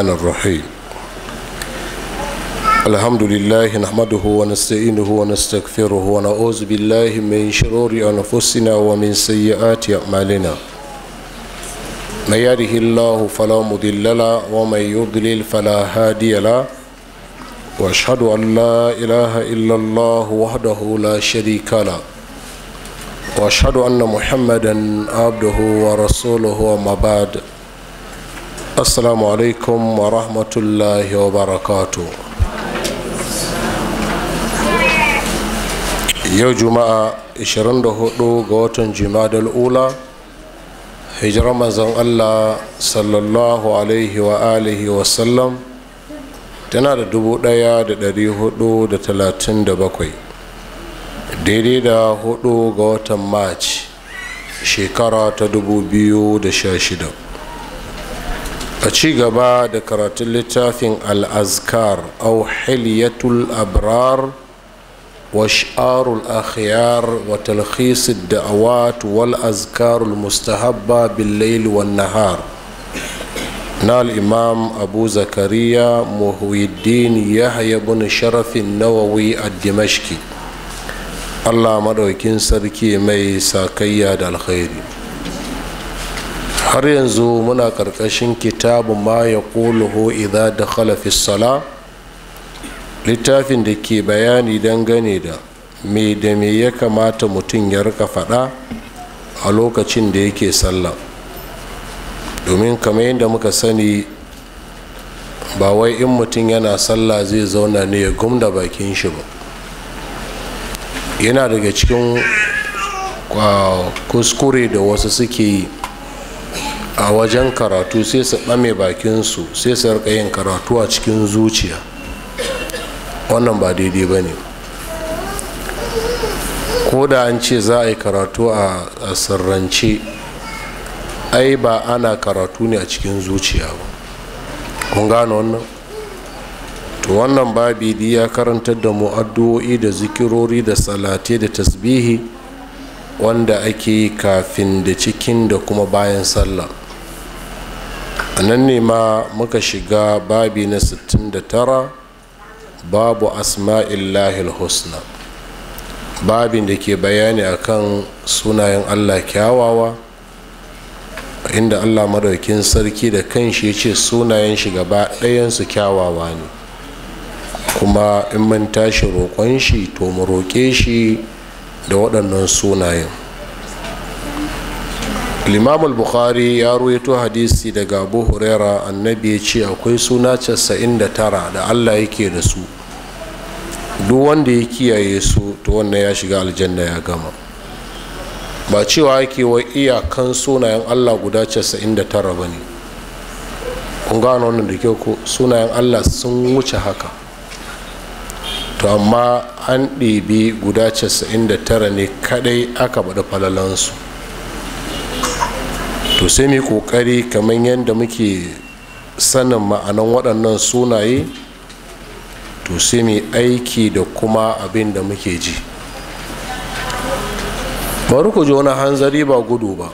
الرحمن الرحيم الحمد لله نحمده ونستعينه ونستغفره ونعوذ بالله من شرور أنفسنا ومن سيئات أعمالنا من يهده الله فلا مضل له ومن يضلل فلا هادي له وأشهد أن لا إله إلا الله وحده لا شريك له وأشهد أن محمدا عبده ورسوله وما بعد assalamu alaikum wa rahmatullahi wa barakatu yau juma'a 24 ga watan jimadal ula hijirar manzon allah sallallahu alaihi wa alihi sallam tana da da talatin bakwai, daidai da 4 ga watan march shekara ta dubu biyu da sha 2016 a ci gaba da karatun littafin al'azkar au hiliyatul abrar wa sha'arul akhiyar wa talhisid da'awat wal azkarul mustahabba bil wan nahar na al'imam abu zakariya muhuddin yahya bin sharafin nawawi a dimashki allah madaukin sarki mai sakayya da alkhairi har yanzu muna ƙarƙashin kitabu ma ya ƙoluhu idha da khalafis sala littafin da ke bayani gane da me da me ya kamata mutum ya rika faɗa a lokacin da yake sallah domin kamar yadda muka sani ba wai in mutum yana sallah zai zauna ne ya gumda bakin shi ba yana daga cikin ah, kuskure da wasu suke yi a wajen karatu sai su ɓame bakinsu sai su rika yin karatu a cikin zuciya wannan ba daidai ba ne ko da an ce za a yi karatu a sirrance ai ba ana karatu ne a cikin zuciya ba kun gane wannan to wannan babi ya karantar da mu addu'o'i da zikirori da salate da tasbihi wanda ake yi kafin da cikin da kuma bayan sallah a nan ne ma muka shiga babi na 69 babu asma'illahil husna babin da ke bayani akan sunayen allah kyawawa inda allah madaukin sarki da kanshi shi ce sunayen shi gaba su kyawawa ne kuma in mun tashi roƙon shi to mu roƙe shi da waɗannan sunayen limam bukhari ya ruwaito hadisi daga abu huraira annabi ya ce akwai suna casa'in da tara da allah yake da su duk wanda ya kiyaye su to wannan ya shiga aljanna ya gama ba cewa ake wa iyakan sunayen allah guda casa'in da tara ba ne kun gano wannan da kyau ko sunayen allah sun wuce haka to amma an ɗebe guda casa'in da tara ne kadai aka baɗi falalansu to sai mai kokari kamar yadda muke sanin ma'anan waɗannan sunaye to sai mai aiki da kuma abin da muke ji bari ku ji wani hanzari ba gudu ba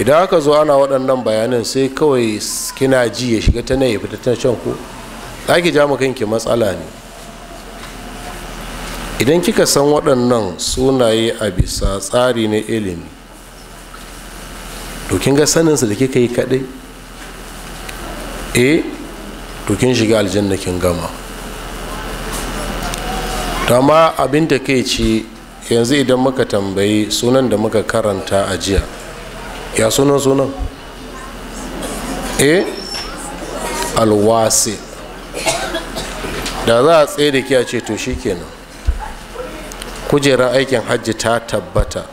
idan aka zo ana waɗannan bayanin sai kawai kina ji ya shiga ta nan fita ta can ku za ki ja kanki matsala ne idan kika san waɗannan sunaye a bisa tsari na ilimi to kin ga saninsa da kika yi kaɗai eh to kin shiga aljanna kin gama to amma abin da kai ci yanzu idan muka tambayi sunan da muka karanta a jiya ya sunan sunan eh alwasi da za a tsaye da ke a ce to shikenan kujerar aikin hajji ta tabbata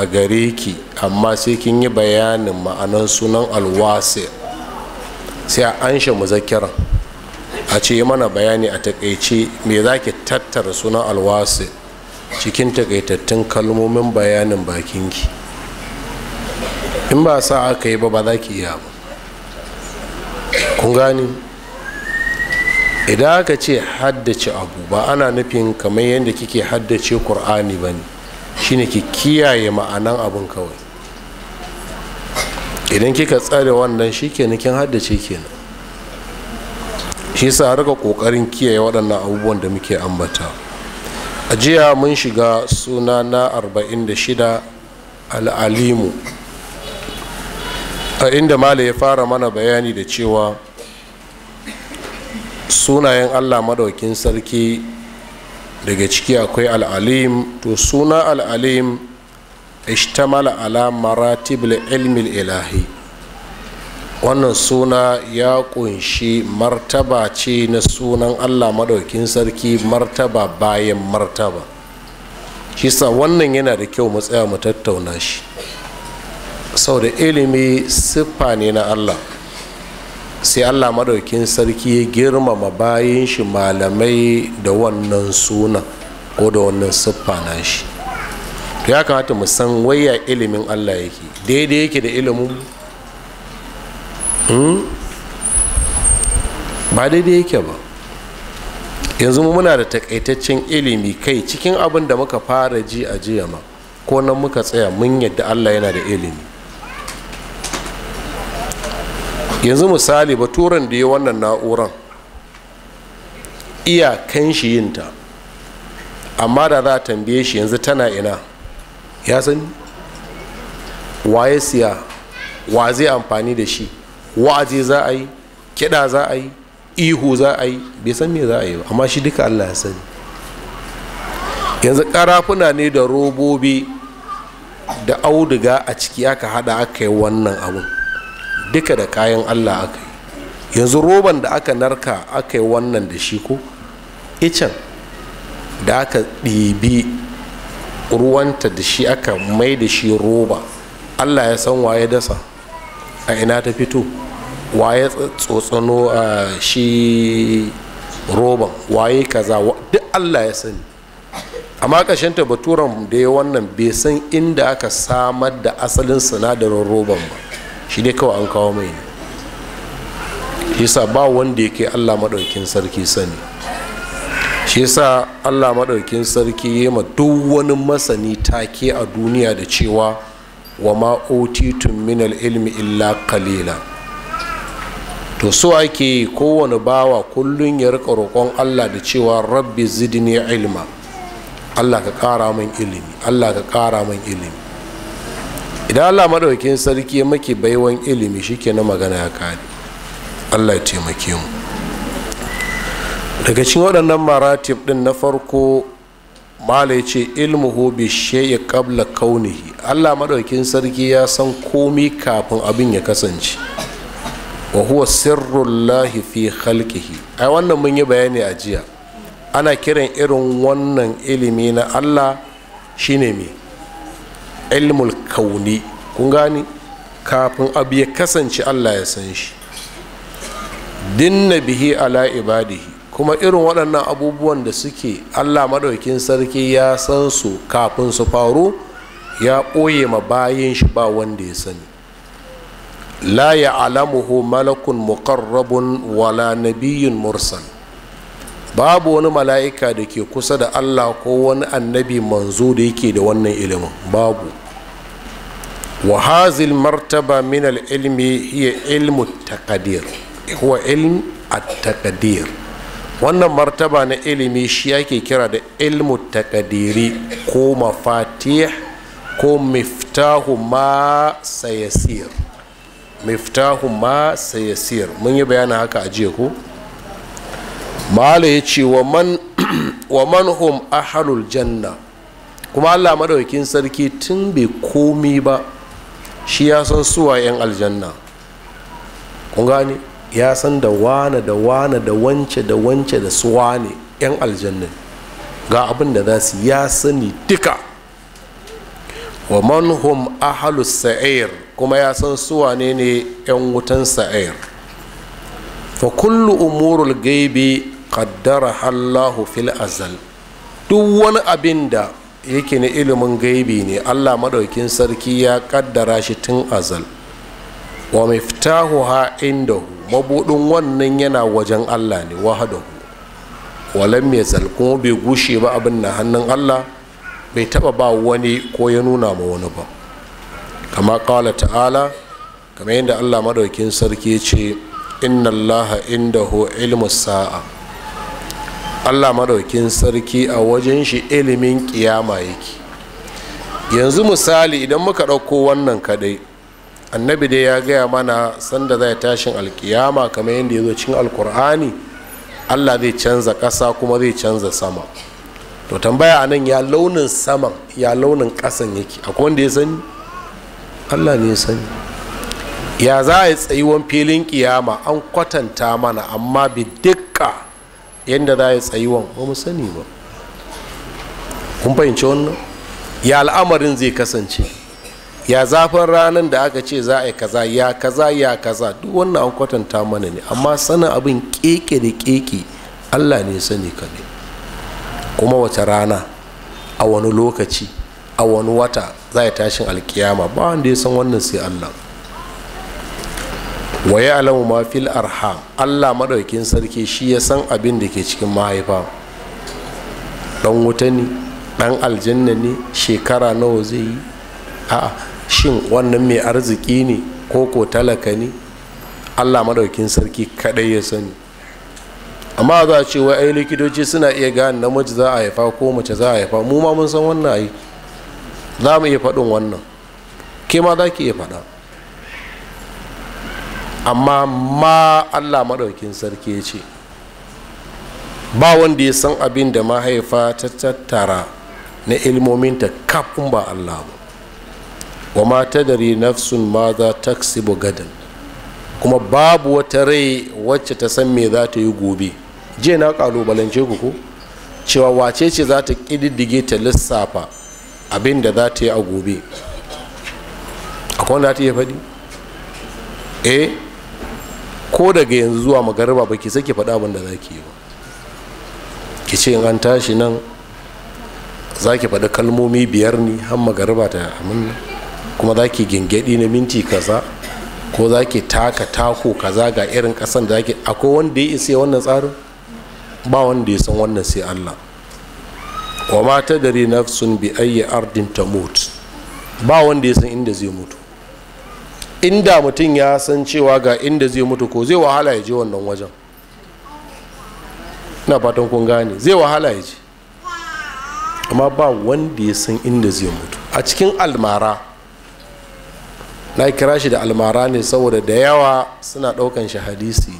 a gare ki amma sai kin yi bayanin ma'anan sunan alwasi sai a anshe muzakkiran a ce mana bayani a takaice me za ki tattara sunan alwasi cikin takaitattun kalmomin bayanin bakinki in ba sa aka yi ba ba za ki iya ba kun gani idan aka ce haddace abu ba ana nufin kamar yadda kike haddace kur'ani ba ne shine ki kiyaye ma'anan abin kawai idan kika tsare wannan shikenan kin haddace kenan shi sa harka kokarin kiyaye waɗannan abubuwan da muke ambata a jiya mun shiga suna na 46 al'alimu a inda mala ya fara mana bayani da cewa sunayen allah madaukin sarki daga ciki akwai al'alim to suna al'alim ishtamala ala maratibul ilmil ilahi wannan suna ya kunshi martaba ce na sunan allah maɗaukin sarki martaba bayan martaba shi wannan yana da kyau mu tsaya mu tattauna shi sau da ilimi siffa ne na allah sai allah maɗaukin sarki ya girmama bayan shi malamai da wannan suna ko da wannan siffa na shi to ya kamata mu san waya ilimin allah yake daidai yake da ilimin hmm? ba daidai yake ba yanzu muna da takaitaccen ilimi kai cikin abin da muka fara ji a jiya ma ko nan muka tsaya mun yadda allah yana da ilimi yanzu misali baturan da ya wannan na'uran iyakan shi yinta amma da za a tambaye shi yanzu tana ina ya sani waye siya wa zai amfani da shi wa'azi za a yi kiɗa za a yi ihu za a yi bai san me za a yi ba amma shi duka allah ya sani yanzu karafuna ne da robobi da auduga a ciki aka hada aka yi wannan abun duka da kayan allah aka yi yanzu roban da aka narka aka yi wannan da shi ko icen da aka ɗibi ruwanta da shi aka mai da shi roba allah ya san waye dasa a ina ta fito waye tsotsano a shi roban waye kaza duk allah ya sani amma ta baturan da ya wannan bai san inda aka samar da asalin sinadarin roban ba shi dai kawai an kawo mai ne yasa ba wanda yake allah maɗaukin sarki sani shi yasa allah maɗaukin sarki ya ma duk wani masani take a duniya da cewa wa ma otitun min ilmi illa kalila to so ake kowane bawa kullum ya rika roƙon allah da cewa rabbi zidni ilma allah ka ƙara min ilimi allah ka ƙara min ilimi idan allah maɗaukin sarki ya maki baiwan ilimi shike na magana ya kare allah ya taimake mu daga cikin waɗannan maratib ɗin na farko mala ya ce ilmuhu bi shay'i ƙabla kaunihi allah maɗaukin sarki ya san komi kafin abin ya kasance wa huwa sirrullahi fi halkihi ai wannan mun yi bayani a jiya ana kiran irin wannan ilimi na allah shine mai ilmul kauni kun gani kafin abu ya kasance allah ya san shi dinna bihi ala ibadihi kuma irin waɗannan abubuwan da suke allah maɗaukin sarki ya san su kafin su faru ya ɓoye ma bayan shi ba wanda ya sani la ya alamuhu malakun muqarrabun wala nabiyyun mursal babu wani mala'ika da ke kusa da allah ko wani annabi manzo da yake da wannan ilimin babu wa hazil martaba min al-ilmi hiya ilmu taqdir huwa ilm a taqdir wannan martaba na ilimi shi yake kira da ilmu taqdiri ko mafatih ko miftahu ma sayasir miftahu ma sayasir mun yi bayanin haka a jiya ko mala ya ce wa man hum ahalul janna kuma allah madaukin sarki tun bai komi ba shi ya san suwa 'yan aljanna kun gani ya san da wane da wane da wance da wance da suwa ne 'yan aljanna ga abin da za su ya sani duka wa manhum ahalus sa'ir kuma ya san suwa ne ne 'yan wutan sa'ir fa kullu umurul gaibi qaddara Allahu fil azal duk wani abin da yake ne ilimin gaibi ne allah maɗaukin sarki ya ƙaddara shi tun azal wa miftahu ha indahu mabudin wannan yana wajen allah ne wahadahu walam mai zalkun bai gushe ba abin na hannun allah bai taɓa ba wani ko ya nuna ma wani ba kama ƙala ta'ala kamar yadda allah maɗaukin sarki ce inna allaha hu ilmu sa'a allah maɗaukin sarki a wajen shi ilimin kiyama yake yanzu misali idan muka ɗauko wannan kaɗai annabi dai ya gaya mana sanda zai tashin alkiyama kamar yadda ya zo cin alkur'ani allah zai canza ƙasa kuma zai canza sama to tambaya a nan ya launin saman ya launin ƙasan yake akwai wanda ya sani allah ne ya sani ya za a yi tsayuwan filin kiyama an kwatanta mana amma bi dukka yadda za ya tsayuwan ba mu sani ba kun fahimci wannan ya al'amarin zai kasance ya zafin ranar da aka ce za a yi kaza ya kaza ya kaza duk wannan an kwatanta mana ne amma sanin abin keke da keke allah ne sani kaɗai kuma wata rana a wani lokaci a wani wata za a tashin alkiyama ba wanda ya san wannan sai allah wa alamu ma fil arha Allah maɗaukin sarki shi ya san abin da ke cikin mahaifa dan wuta ne dan aljanna ne shekara nawa zai yi a'a shin wannan mai arziki ne ko ko talaka ne Allah maɗaukin sarki kaɗai ya sani amma za a ce wai ai likitoci suna iya gane namiji za a haifa ko mace za a haifa mu ma mun san wannan ai za mu iya faɗin wannan ke ma za ki iya faɗa amma ma allah maɗaukin sarki ce ba wanda ya san abin da mahaifa ta tattara na ta kafin ba allah ba wa ma ta dare nafsun ma za ta gadan kuma babu wata rai wacce ta san me za ta yi gobe jiya na kalubalance ku ko cewa wace ce za ta ƙididdige ta lissafa abin da za ta yi a gobe akwai wanda ta iya faɗi eh ko daga yanzu zuwa magariba ba ki sake faɗa abin da za ki yi ba ki ce in an tashi nan za ki faɗi kalmomi biyar ne har magariba ta amin kuma za ki gingadi na minti kaza ko za ki taka tako kaza ga irin ƙasan da ki akwai wanda ya isa wannan tsarin ba wanda ya san wannan sai allah wa ma ta dare nafsun bi ayyi ardin tamut ba wanda ya san inda zai mutu inda mutum ya san cewa ga inda zai mutu ko zai wahala ya je wannan wajen na fatan kun gane zai wahala ya je amma ba wanda ya san inda zai mutu a cikin almara na kira shi da almara ne saboda da yawa suna ɗaukan shi hadisi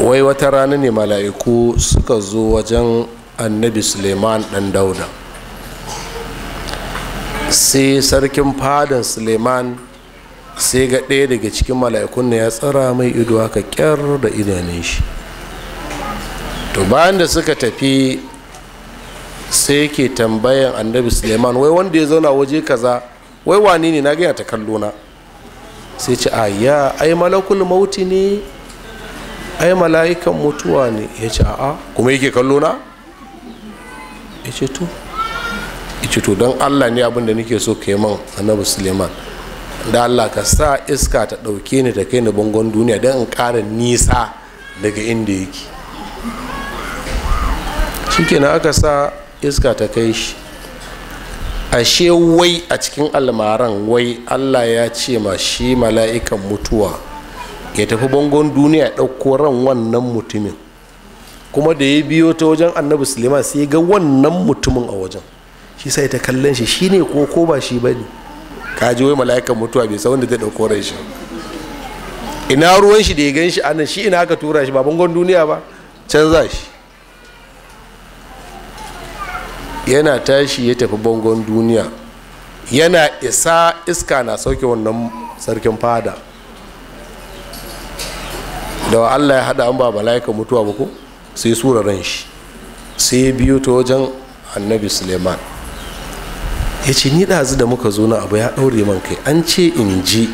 wai wata rana ne mala'iku suka zo wajen annabi suleiman Dan dauda sai sarkin fadan suleiman sai ga ɗaya daga cikin mala'ikun ya tsara mai ido haka kyar da idanun shi to bayan da suka tafi sai ke tambayan annabi suleiman wai wanda ya zauna waje kaza wai wani ne na gaya ta kallo na sai ce a ya ai malakul mauti ne ai mala'ikan mutuwa ne ya ce a'a kuma yake kallo na ya ce to Cito to don allah ne abin da nake so ka yi man annabi suleiman da allah ka sa iska ta ɗauke ni ta kai ni bangon duniya don in ƙara nisa daga inda yake shikenan aka sa iska ta kai shi ashe wai a cikin almaran wai allah ya ce ma shi mala'ikan mutuwa ya tafi bangon duniya ɗauko ran wannan mutumin kuma da ya biyo ta wajen annabi suleiman sai ga wannan mutumin a wajen shi sai ta kallon shi shine ko ko ba shi bane ka ji wai mala'ikan mutuwa bai san wanda zai dauko ran shi ina ruwan shi da ya gan shi anan shi ina aka tura shi ba bangon duniya ba canza shi yana tashi ya tafi bangon duniya yana isa iska na sauke wannan sarkin fada da allah ya hada an ba mala'ikan mutuwa ba ko sai sura ran shi sai biyo ta wajen annabi suleiman ya ce ni ɗazu da muka zo na abu ya ɗaure man kai an ce in ji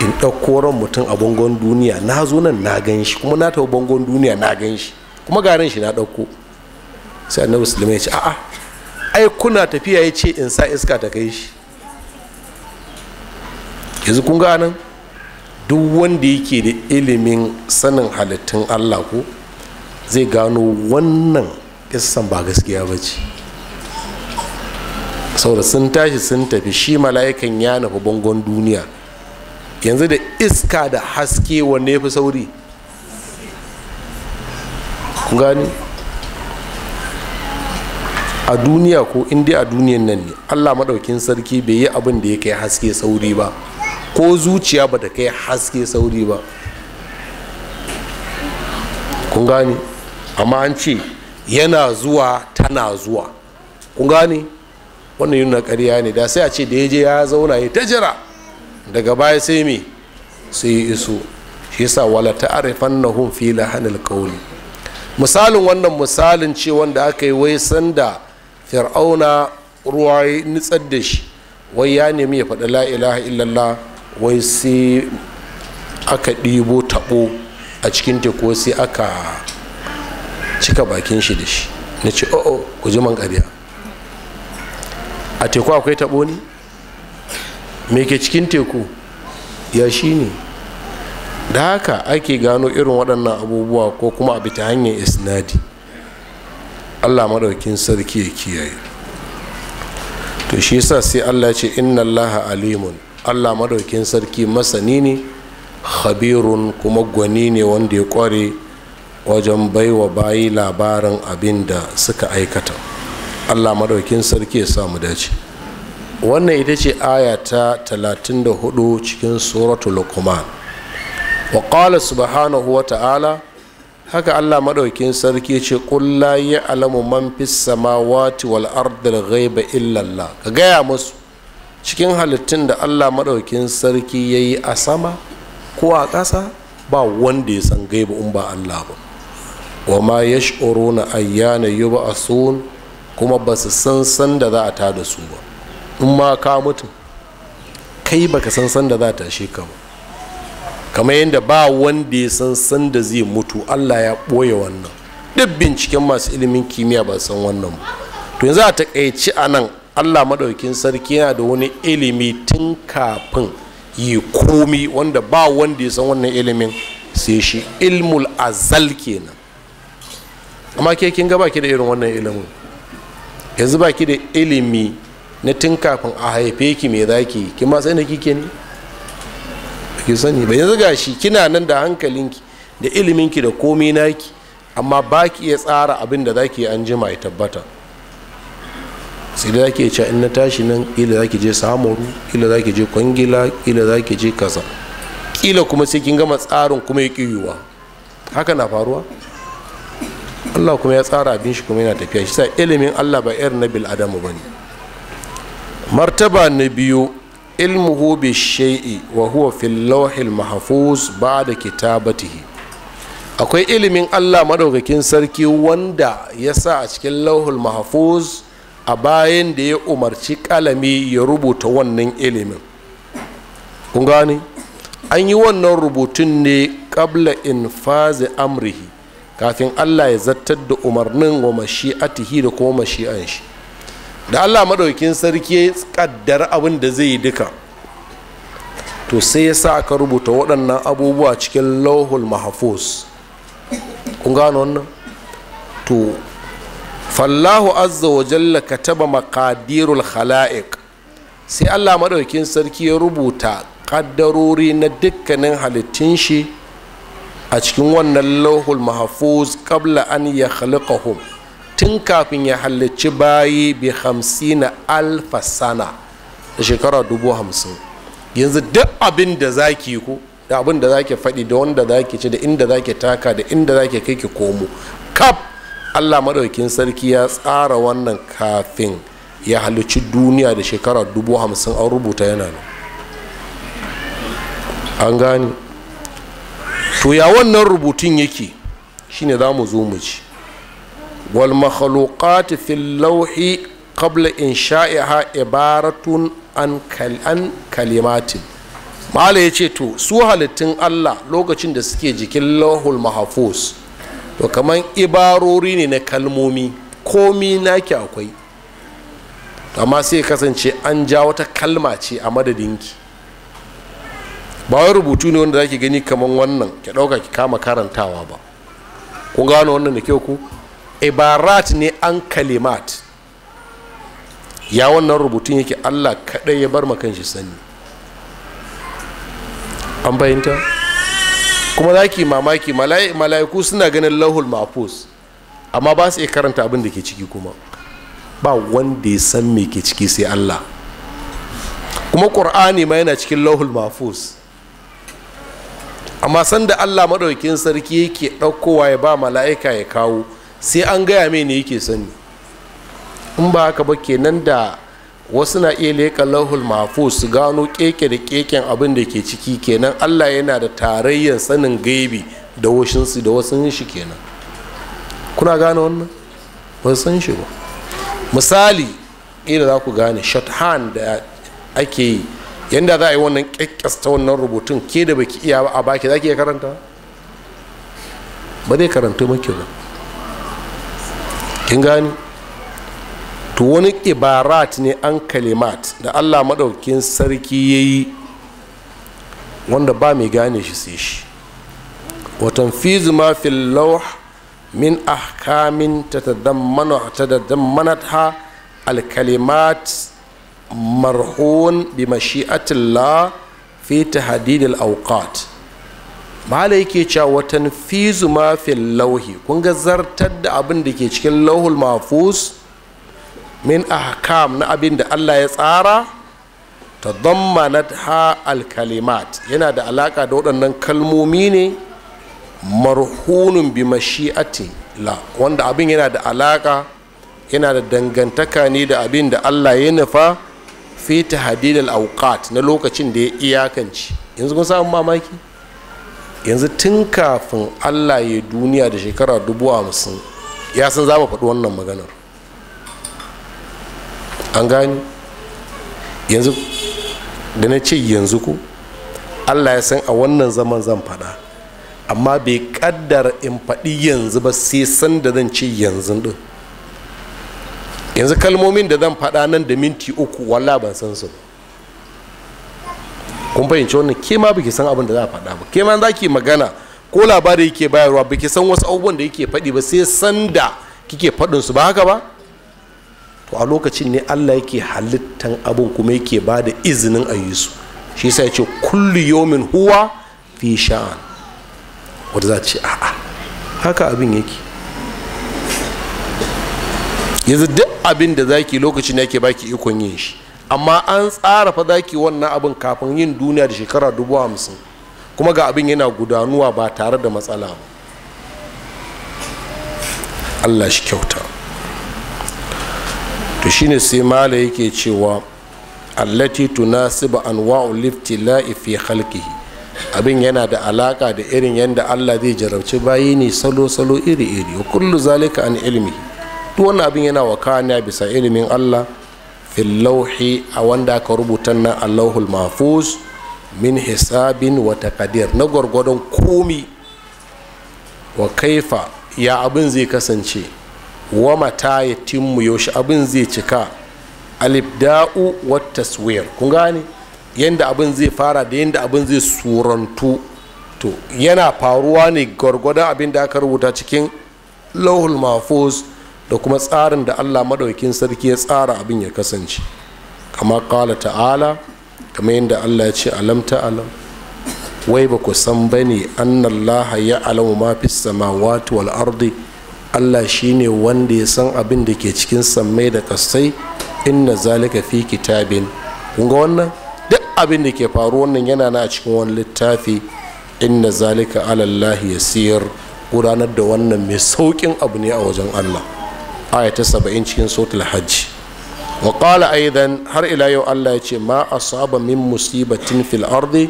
in ɗauko ran mutum a bangon duniya na zo nan na gan shi kuma na taɓa bangon duniya na gan shi kuma garin shi na ɗauko sai annabi ya ce a'a ai kuna tafiya ya ce in sa iska ta kai shi yanzu kun ga nan duk wanda yake da ilimin sanin halittun allah ko zai gano wannan isan ba gaskiya ba ce saboda sun tashi sun tafi shi mala'ikan ya nufi bangon duniya yanzu da iska da haske wanne ya fi sauri gani a duniya ko inda a duniyan nan ne allah maɗaukin sarki bai yi abin da ya kai haske sauri ba ko zuciya ba ta kai haske sauri ba kun gani amma an ce yana zuwa tana zuwa kun gani wannan yunna ƙarya ne da sai a ce da ya je ya zauna ya ta jira daga baya sai me sai ya iso shi yasa wala hun fi lahanil qawli misalin wannan misalin ce wanda aka yi wai sanda fir'auna ruwa ya nitsar da shi wai ya nemi ya faɗa la ilaha illallah wai sai aka ɗibo taɓo a cikin teku sai aka cika bakin shi da shi na ce o'o oh, oh, ku man ƙarya a teku akwai taɓo ne me ke cikin teku ya shi ne da haka ake gano irin waɗannan abubuwa ko kuma a bita hanyar isnadi allah maɗaukin sarki ya kiyaye to shi yasa sai allah ce inna allah alimun allah maɗaukin sarki masani ne khabirun kuma gwani ne wanda ya kware wajen baiwa bayi labarin abin da suka aikata allah maɗaukin sarki ya samu dace wannan ita ce aya ta 34 cikin suratul luqman wa qala subhanahu wa ta'ala haka allah maɗaukin sarki ya ce ƙulla ya alamu man fis samawati wal ardil ghaiba illallah ka gaya musu cikin halittun da allah maɗaukin sarki ya yi a sama ko a ƙasa ba wanda ya san gaiba in ba allah ba wa ma yash'uruna ayyana yub'asun kuma ba su san san da za a ta da su ba in ma ka mutu kai baka san san da za a tashe ka ba kamar yadda ba wanda ya san san da zai mutu allah ya ɓoye wannan duk binciken masu ilimin kimiyya ba san wannan ba to yanzu a takaici a nan allah maɗaukin sarki yana da wani ilimi tun kafin yi komi wanda ba wanda ya san wannan ilimin sai shi ilmul azal kenan amma ke kin gaba ki da irin wannan ilimin yanzu baki da ilimi na tun kafin a haife ki me zaki ki ma sai na kike ne ki sani ba yanzu shi kina nan da hankalinki da iliminki da komai naki amma baki ki iya tsara abin da zaki an jima ya tabbata sai da zaki ce in na tashi nan ila zaki je samuru ila zaki je kwangila ila zaki je kaza kila kuma sai kin gama tsarin kuma ya kiyuwa haka na faruwa Allah kuma ya tsara abin shi kuma yana tafiya shi sa ilimin Allah ba irin na bil adamu bane martaba na biyu ilmuhu bi shay'i wa huwa fil lawhil mahfuz ba'da kitabatihi akwai ilimin Allah madaukakin sarki wanda ya sa a cikin lauhul mahfuz a bayan da ya umarci kalami ya rubuta wannan ilimin kun gane an yi wannan rubutun ne kabla in fazi amrihi kafin allah ya zartar da umarnin wa mashi'atihi da kuma mashi'an shi da allah maɗaukin sarki ya kaddar abin da zai yi duka to sai ya sa aka rubuta waɗannan abubuwa cikin lauhul mahafuz kun gano wannan to fallahu azza wa jalla kataba maqadirul khala'iq sai allah maɗaukin sarki ya rubuta ƙaddarori na dukkanin halittun shi a cikin wannan lauhul mahfuz qabla an ya khalaqahum tun kafin ya halicci bayi bi hamsina alfa sana da shekara dubu hamsin yanzu duk abin da za ki ku da abin da za ki faɗi da wanda za ki ci da inda za ki taka da inda za kai ki komo kaf allah maɗaukin sarki ya tsara wannan kafin ya halicci duniya da shekara dubu hamsin an rubuta yana nan an gani to ya wannan rubutun yake shine za mu zo mu ci wal makhluqat fil lawhi qabla insha'iha ibaratun an an kalimatin mala yace to su halittun Allah lokacin da suke jikin lawhul mahfuz to kaman ibarori ne na kalmomi komi naki akwai amma sai kasance an ja wata kalma ce a madadinki ba wai rubutu ne wanda zaki gani kaman wannan ki ɗauka ki kama karantawa ba kun gano wannan da kyau ku ibarat ne an kalimat ya wannan rubutun yake allah kaɗai ya bar makan shi sani an fahimta kuma za mamaki mala'iku suna ganin lahul mafus amma ba su iya karanta abin da ke ciki kuma ba wanda ya san me ke ciki sai allah kuma ƙur'ani ma yana cikin lahul mafus amma sanda allah maɗaukin sarki yake ɗaukowa ya ba mala'ika ya kawo sai an gaya mai ne yake sani in ba haka ba kenan da wasu na iya leƙa lahul mafu su gano keke da keken abin da ke ciki kenan allah yana da tarayyar sanin gaibi da washinsu da wasu shi kenan kuna gane wannan ba san shi ba misali ina za ku gane shorthand da ake yi yadda za a yi wannan kyakkasta wannan rubutun ke da baki iya ba a baki za ki karanta ba zai karanta maki ba kin gani to wani ibarat ne an kalimat da allah maɗaukin sarki ya yi wanda ba mai gane shi sai shi watan fizu ma fil lauh min ahkamin ta ta ha alkalimat marhun bi mashi'atillah fi tahdidil awqat mala yake cewa watan fizu zuma fil lauhi kun ga zartar da abin da ke cikin lauhul mafus min ahkam na abin da Allah ya tsara ta dhammanat ha al-kalimat yana da alaka da waɗannan kalmomi ne marhunun bi mashi'ati la wanda abin yana da alaka yana da dangantaka ne da abin da Allah ya nufa fi ta al-awqat na lokacin da ya iyakanci yanzu kun samu mamaki yanzu tun kafin Allah ya duniya da shekara dubu hamsin ya san za mu faɗi wannan maganar an gani yanzu da na ce yanzu ku Allah ya san a wannan zaman zan faɗa amma bai kaddara in faɗi yanzu ba sai san da zan ce yanzu din yanzu kalmomin da zan faɗa nan da minti uku walla ban san su kun fahimci wannan ke ma biki san abin da za a faɗa ba ke ma za ki magana ko labari yake bayarwa biki san wasu abubuwan da yake faɗi ba sai san da kike faɗin su ba haka ba to a lokacin ne Allah yake halittan abin kuma yake ba da izinin a yi su shi yasa ce kullu yomin huwa fi sha'an wanda za ce a'a haka abin yake yanzu duk abin da zaki lokacin da yake baki ikon yin shi amma an tsara fa zaki wannan abin kafin yin duniya da shekara dubu hamsin kuma ga abin yana gudanuwa ba tare da matsala ba allah shi kyauta to shine sai mala yake cewa allati tunasiba anwa'u liftila'i fi khalqihi abin yana da alaka da irin yadda allah zai jarabci bayi ne salo-salo iri-iri kullu zalika an ilmi duk wannan abin yana wakana bisa ilimin allah filauhi a wanda aka rubuta nan allahul mafuz min hisabin wa takadir na gwargwadon komi wa kaifa ya abin zai kasance wa mata ya timmu yaushe abin zai cika alibda'u wa taswir kun gane yadda abin zai fara da yadda abin zai surantu to yana faruwa ne gwargwadon abin da aka rubuta cikin lauhul mafuz da kuma tsarin da allah maɗaukin sarki ya tsara abin ya kasance kama kala ta'ala kamar yadda allah ya ce alam ta'alam wai ba ku san ba ne annallaha ya alamu ma fi samawati wal ardi allah shine wanda ya san abin da ke cikin sammai da kasai inna zalika fi kitabin kun ga wannan duk abin da ke faru wannan yana na a cikin wani littafi inna zalika alallahi siyar gudanar da wannan mai saukin abu ne a wajen allah ayata saba'in cikin sotul hajji wa qala aidan har ila yau Allah ya ce ma asaba min musibatin fil ardi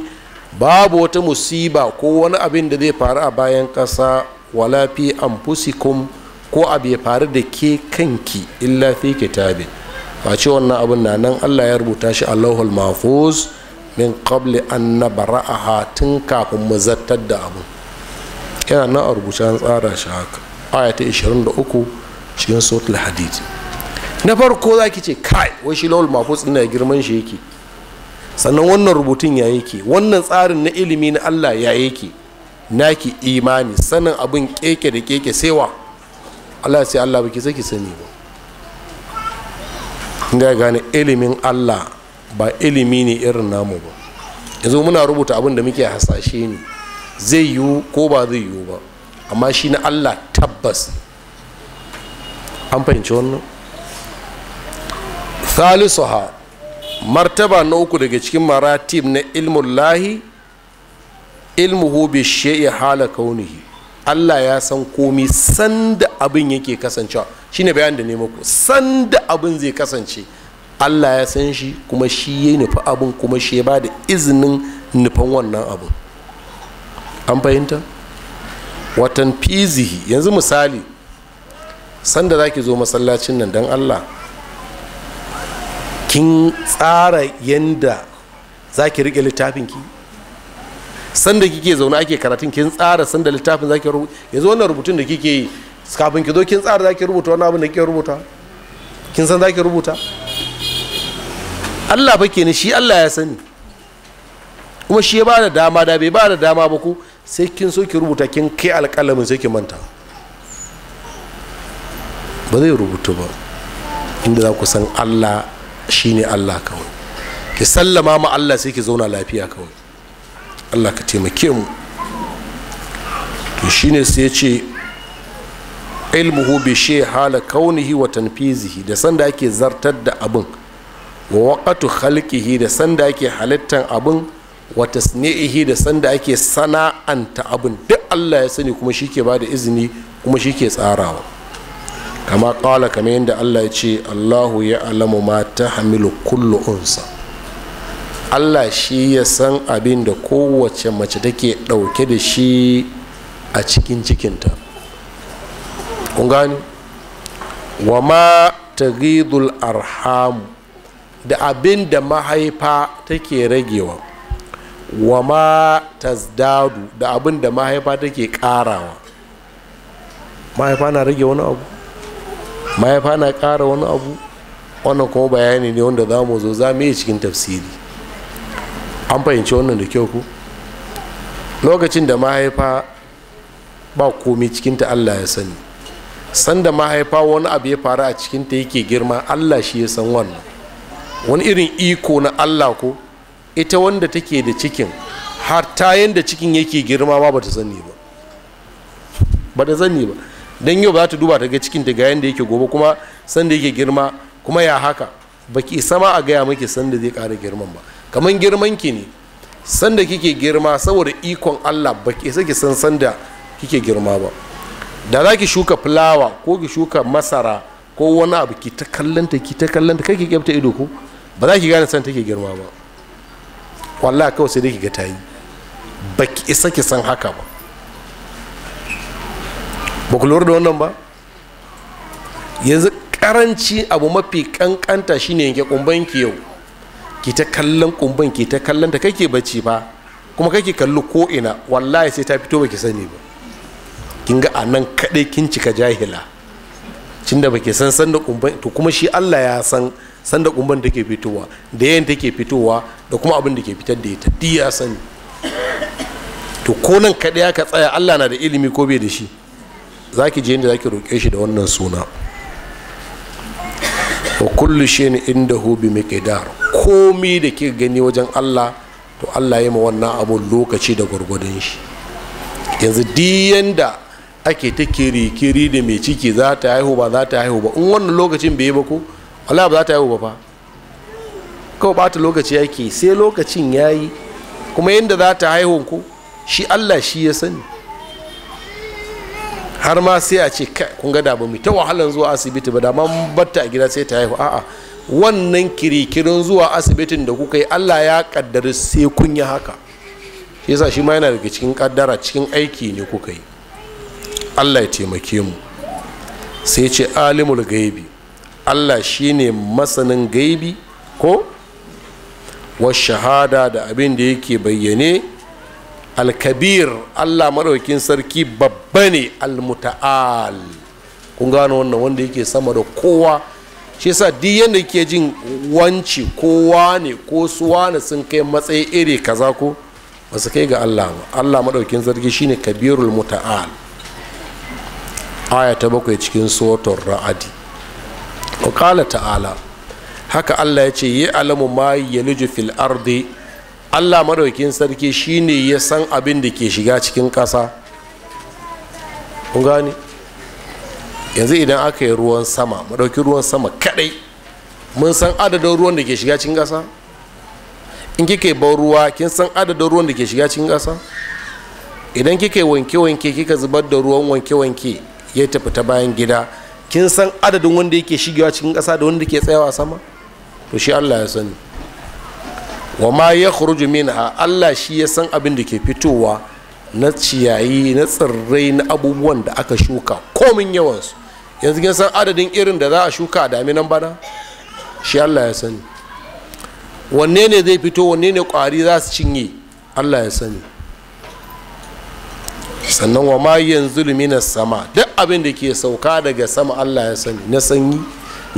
babu wata musiba ko wani abin da zai faru a bayan ƙasa wala fi anfusikum ko abu ya faru da ke kanki illa fi kitabi a ce wannan abin na nan Allah ya rubuta shi Allahul mahfuz min qabli an nabra'aha tun kafin mu zartar da abu yana nan a rubuta an tsara shi haka cikin sautul hadid na farko za ki ce kai wai shi lawal mafus ina girman shi yake sannan wannan rubutun ya yake wannan tsarin na ilimi na allah ya yake naki imani sanin abin keke da keke sewa allah sai allah ba ki saki sani ba inda gane ilimin allah ba ilimi ne irin namu ba yanzu muna rubuta abin da muke hasashe ne zai yiwu ko ba zai yiwu ba amma shi na allah tabbas an fahimci wannan thalisuha martaba na uku daga cikin maratib na ilmun lahi ilmuhu bi shi'i hala kaunihi Allah ya san komi sanda abin yake kasancewa shine bayan da nemo ku sanda abin zai kasance Allah ya san shi kuma shi ya nufi abin kuma shi ya ba da izinin nufan wannan abin an fahimta watan fizihi yanzu misali sanda za ki zo masallacin nan don allah kin tsara yadda za ki riƙe littafinki sanda kike zaune ake karatun kin tsara sanda littafin za ki rubuta yanzu wannan rubutun da kike yi kafin ki zo kin tsara za ki rubuta wani abin da kike rubuta kin san za ki rubuta allah fa ni shi allah ya sani kuma shi ya ba da dama da bai ba da dama ba ku sai kin so ki rubuta kin kai alƙalamin sai ki manta ba zai rubutu ba inda za ku san allah shine allah kawai ki sallama ma allah sai ki zauna lafiya kawai allah ka taimake mu to shine sai ya ce ilmuhu bi she hala kaunihi wa tanfizihi da sanda ake zartar da abin wa waqatu khalqihi da sanda ake halittan abin wa tasni'ihi da sanda ake sana'anta abin duk Allah ya sani kuma shike bada izini kuma shike tsarawa kama kala kamar yadda allah ya ce allahu ya alamu ma ta hamilu kullu unsa allah shi ya san abin da kowace mace take ɗauke da shi a cikin cikinta kun gani wa ma taghidul arhamu da abin da mahaifa take ragewa wa ma tazdadu da abin da mahaifa take karawa mahaifa na rage wani abu mahaifa na kara wani abu wannan kuma bayani ne wanda zamu zo za mu yi cikin tafsiri an fahimci wannan da kyau ku lokacin da mahaifa ba komai cikinta allah ya sani sanda mahaifa wani abu ya faru a cikinta yake girma allah shi ya san wannan wani irin iko na allah ko ita wanda take da cikin har ta yanda cikin yake girma ma ba ta sani ba ba ta sani ba don yau ba za ta duba ta ga cikin ta ga yanda yake gobe kuma sanda yake girma kuma ya haka baki sama a gaya maki sanda zai ƙara girman ba kamar girman ki ne sanda kike girma saboda ikon Allah baki isa ki san sanda kike girma ba da za ki shuka fulawa ko ki shuka masara ko wani abu ki ta kallanta ki ta kallanta kai ki kyafta ido ko ba za ki gane san take girma ba wallahi kawai sai dai ki ga tayi baki isa ki san haka ba ba ku lura da wannan ba yanzu karanci abu mafi kankanta shine yanke kumban ki yau ki ta kallon kumban ki ta kallon ta kake bacci ba kuma kake kallo ko ina wallahi sai ta fito baki sani ba kin ga anan kadai kin cika jahila cin da baki san san da kumban to kuma shi Allah ya san san da kumban take fitowa da yayin take fitowa da kuma abin da ke fitar da ita duk ya sani to ko nan kadai aka tsaya Allah na da ilimi ko bai da shi za ki je inda za ki roƙe shi da wannan suna wa kullu shay'in indahu bi miqdar komi da kika gani wajen Allah to Allah ya ma wannan abun lokaci da gwargwadon shi yanzu diyan da ake ta kiri kiri da mai ciki za ta haihu ba za ta haihu ba in wannan lokacin bai yi ba ko Allah ba za ta haihu ba fa kawai bata lokaci yake sai lokacin ya yi kuma yadda za ta haihu ko shi Allah shi ya sani har ma sai a ce kun ga da ba mu ta wahalan zuwa asibiti ba da ma batta a gida sai ta haihu a'a wannan kirikirin zuwa asibitin da kuka yi Allah ya kaddari sai kun yi haka yasa shi ma yana daga cikin kaddara cikin aiki ne kuka yi Allah ya taimake mu sai ce alimul gaibi Allah shine masanin gaibi ko wa shahada da abin da yake bayyane alkabir allah maɗaukin sarki babba ne almuta'al kun gano wannan wanda yake sama da kowa shi yasa duk yadda ke jin wanci kowa ne ko suwa ne sun kai matsayi iri kaza ko ba kai ga allah ba allah maɗaukin sarki shine kabirul muta'al aya ta bakwai cikin sotar ra'adi ta'ala haka allah ya ce yi alamu ma yalju fil ardi allah maɗaukin sarki shine ya san abin da ke shiga cikin ƙasa kun gani yanzu idan aka yi ruwan sama maɗauki ruwan sama kaɗai mun san adadin ruwan da ke shiga cikin ƙasa in kika yi ban ruwa kin san adadin ruwan da ke shiga cikin ƙasa idan kika yi wanke-wanke kika zubar da ruwan wanke-wanke ya tafi ta bayan gida kin san adadin wanda yake shigewa cikin ƙasa da wanda ke tsayawa sama to shi allah ya sani wa ma ya minha allah shi ya san abin da ke fitowa na ciyayi na tsirrai na abubuwan da aka shuka komin yawansu yanzu kin san adadin irin da za a shuka a daminan bana shi allah ya sani wanne ne zai fito wanne ne kwari za su cinye allah ya sani sannan wa ma yanzu lumina sama duk abin da ke sauka daga sama allah ya sani na sanyi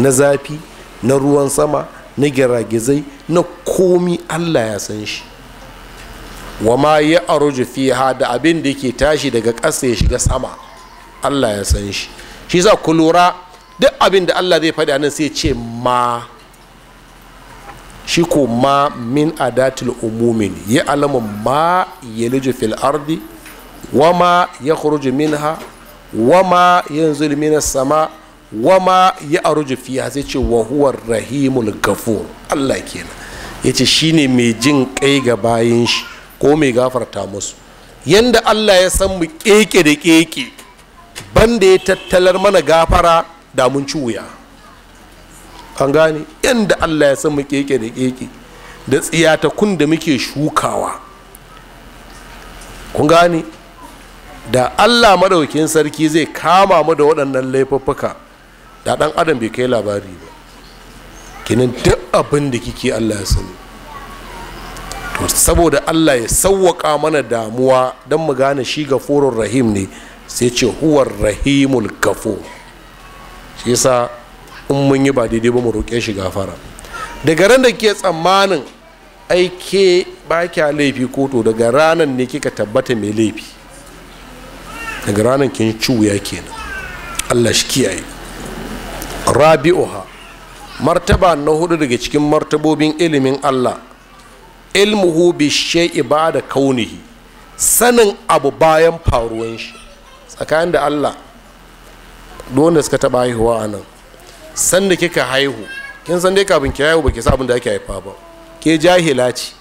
na zafi na ruwan sama na giragizai na komi allah ya san shi wa ma ya aruju ha da abin da yake tashi daga ƙasa ya shiga sama allah ya san shi shi za ku lura duk abin da allah zai faɗi nan sai ce ma shi ko ma min adatul umumin ya alamu ma ya fil ardi wa ma ya ha wa ma yanzu na sama wama ya aruju fiya sai ce wa huwa rahimul gafur Allah kenan yace shine mai jin kai ga bayan shi ko mai gafarta musu yanda Allah ya san mu keke da keke banda ya tattalar mana gafara da mun ci wuya an gane yanda Allah ya san mu keke da keke da kun da muke shukawa kun gane da Allah madaukin sarki zai kama mu da waɗannan laifuffuka da dan adam bai kai labari ba kinan duk abin da kike allah ya sani to saboda allah ya sawwaka mana damuwa dan mu gane shi gafurur rahim ne sai ce huwar rahimul gafur shi yasa in mun yi ba daidai ba mu roƙe shi gafara daga ran da kike tsammanin aike ba kya laifi ko to daga ranar ne kika tabbata mai laifi daga ranan kin ya kenan allah shi kiyaye rabi'uha martaba na hudu daga cikin martabobin ilimin Allah ilmuhu bi shay'i ba'da kaunihi sanin abu bayan faruwan shi tsakanin da Allah da suka taba haihuwa a nan san da kika haihu kin san dai kafin ki haihu baki san abin da ake haifa ba ke jahila ce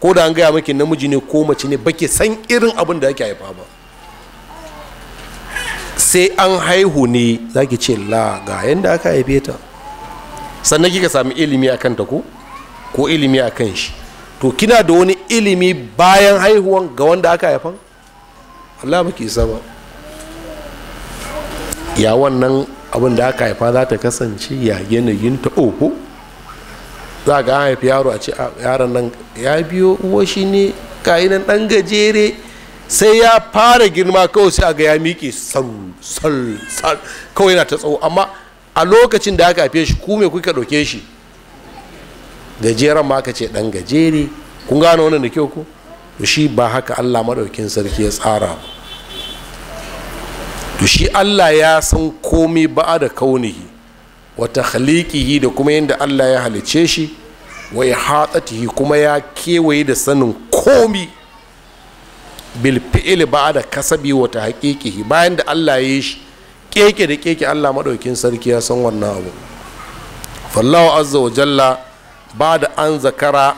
ko da an gaya miki namiji ne ko mace ne baki san irin abin da ake haifa ba sai an haihu ne za ki ce la ga yadda aka haife ta sannan kika sami ilimi a kanta ko ko ilimi a kan shi to kina da wani ilimi bayan haihuwan ga wanda aka haifan Allah baki isa ba ya wannan abin da aka haifa za ta kasance ya yanayin ta oho za ga haifi yaro a ce yaron nan ya biyo uwa shi ne ka'inan dan gajere sai ya fara girma kawai sai a ga ya miƙe sal kawai yana ta tsawo amma a lokacin da aka haife shi ku me kuka ɗauke shi gajeren ma aka ce ɗan gajere kun gane wannan da kyau ko to shi ba haka allah maɗaukin sarki ya tsara ba to shi allah ya san komai ba da kaunihi wata halikihi da kuma yadda allah ya halice shi wa ya hatsatihi kuma ya kewaye da sanin komi bilfi'il ba da kasabi wata tahqiqihi bayan da Allah ya shi keke da keke Allah madaukin sarki ya san wannan abu fallahu azza wa jalla ba'da an zakara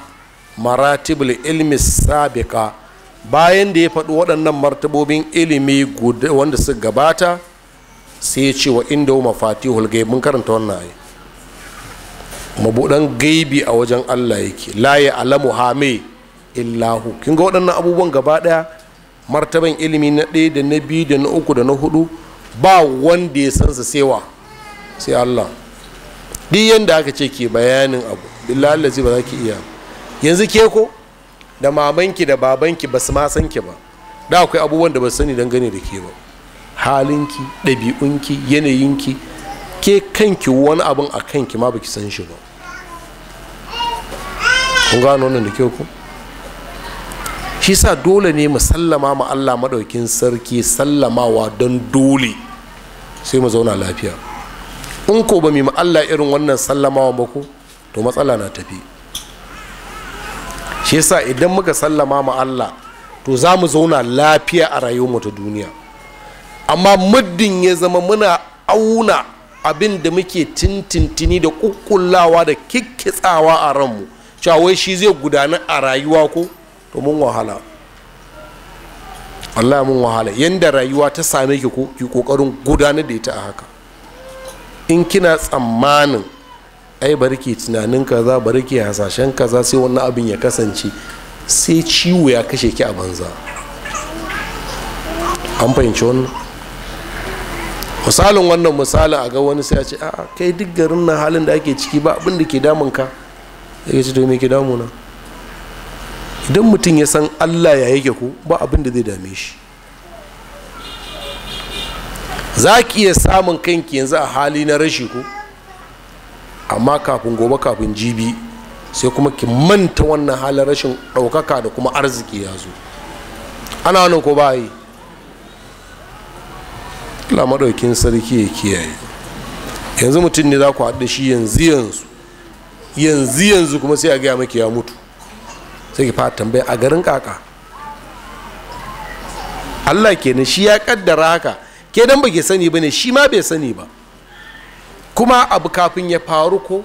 maratibul ilmi sabiqa bayan da ya faɗi waɗannan martabobin ilimi wanda su gabata sai ya ce wa inda wa mafatihul mun karanta wannan ayi mabuɗan gaibi a wajen Allah yake la ya alamu hame illahu kin ga waɗannan abubuwan gaba ɗaya martaban ilimi na ɗaya da na biyu da na uku da na hudu ba wanda ya san su sewa sai allah duk yadda aka ce ke bayanin abu billahi ba za ki iya yanzu ke ko da mamanki da babanki ba su ma san ki ba da akwai abubuwan da ba sani gane da ke ba halinki ɗabi'unki yanayinki ke kanki wani abun a kanki ma baki san shi ba kun gano wannan da kyau ko shi sa dole ne mu sallama ma Allah maɗaukin sarki sallamawa don dole sai mu zauna lafiya in ko ba mu Allah irin wannan sallamawa ba ko to matsala na tafi shi sa idan muka sallama ma Allah to za mu zauna lafiya a rayuwarmu ta duniya amma muddin ya zama muna auna abin da muke tintintini da kukkullawa da kikkitsawa a ranmu cewa wai shi zai gudana a rayuwa ko to mun wahala Allah mun wahala yanda rayuwa ta same ki ko ki kokarin gudanar da ita a haka in kina tsammanin ai barke tunanin kaza za barke hasashen kaza sai wannan abin ya kasance sai ciwo ya kashe ki a banza an fahimci wannan misalin wannan misalin a ga wani sai ya ce a kai duk garin nan halin da ake ciki ba abin da ke damun ka ya ce to me ke damuna idan mutum ya san allah ya yake ku ba abin da zai dame shi za ki iya samun kanki yanzu a hali na rashi ku amma kafin gobe kafin jibi sai kuma ki manta wannan halin rashin ɗaukaka da kuma arziki ya zo ana wani ko ba yi maɗaukin sarki ya kiyaye yanzu mutum ne za ku haɗu shi yanzu yanzu yanzu yanzu kuma sai a gaya maki ya mutu sai ki fara tambaya a garin kaka Allah kenan shi ya kaddara haka ke dan baki sani bane shi ma bai sani ba kuma abu kafin ya faru ko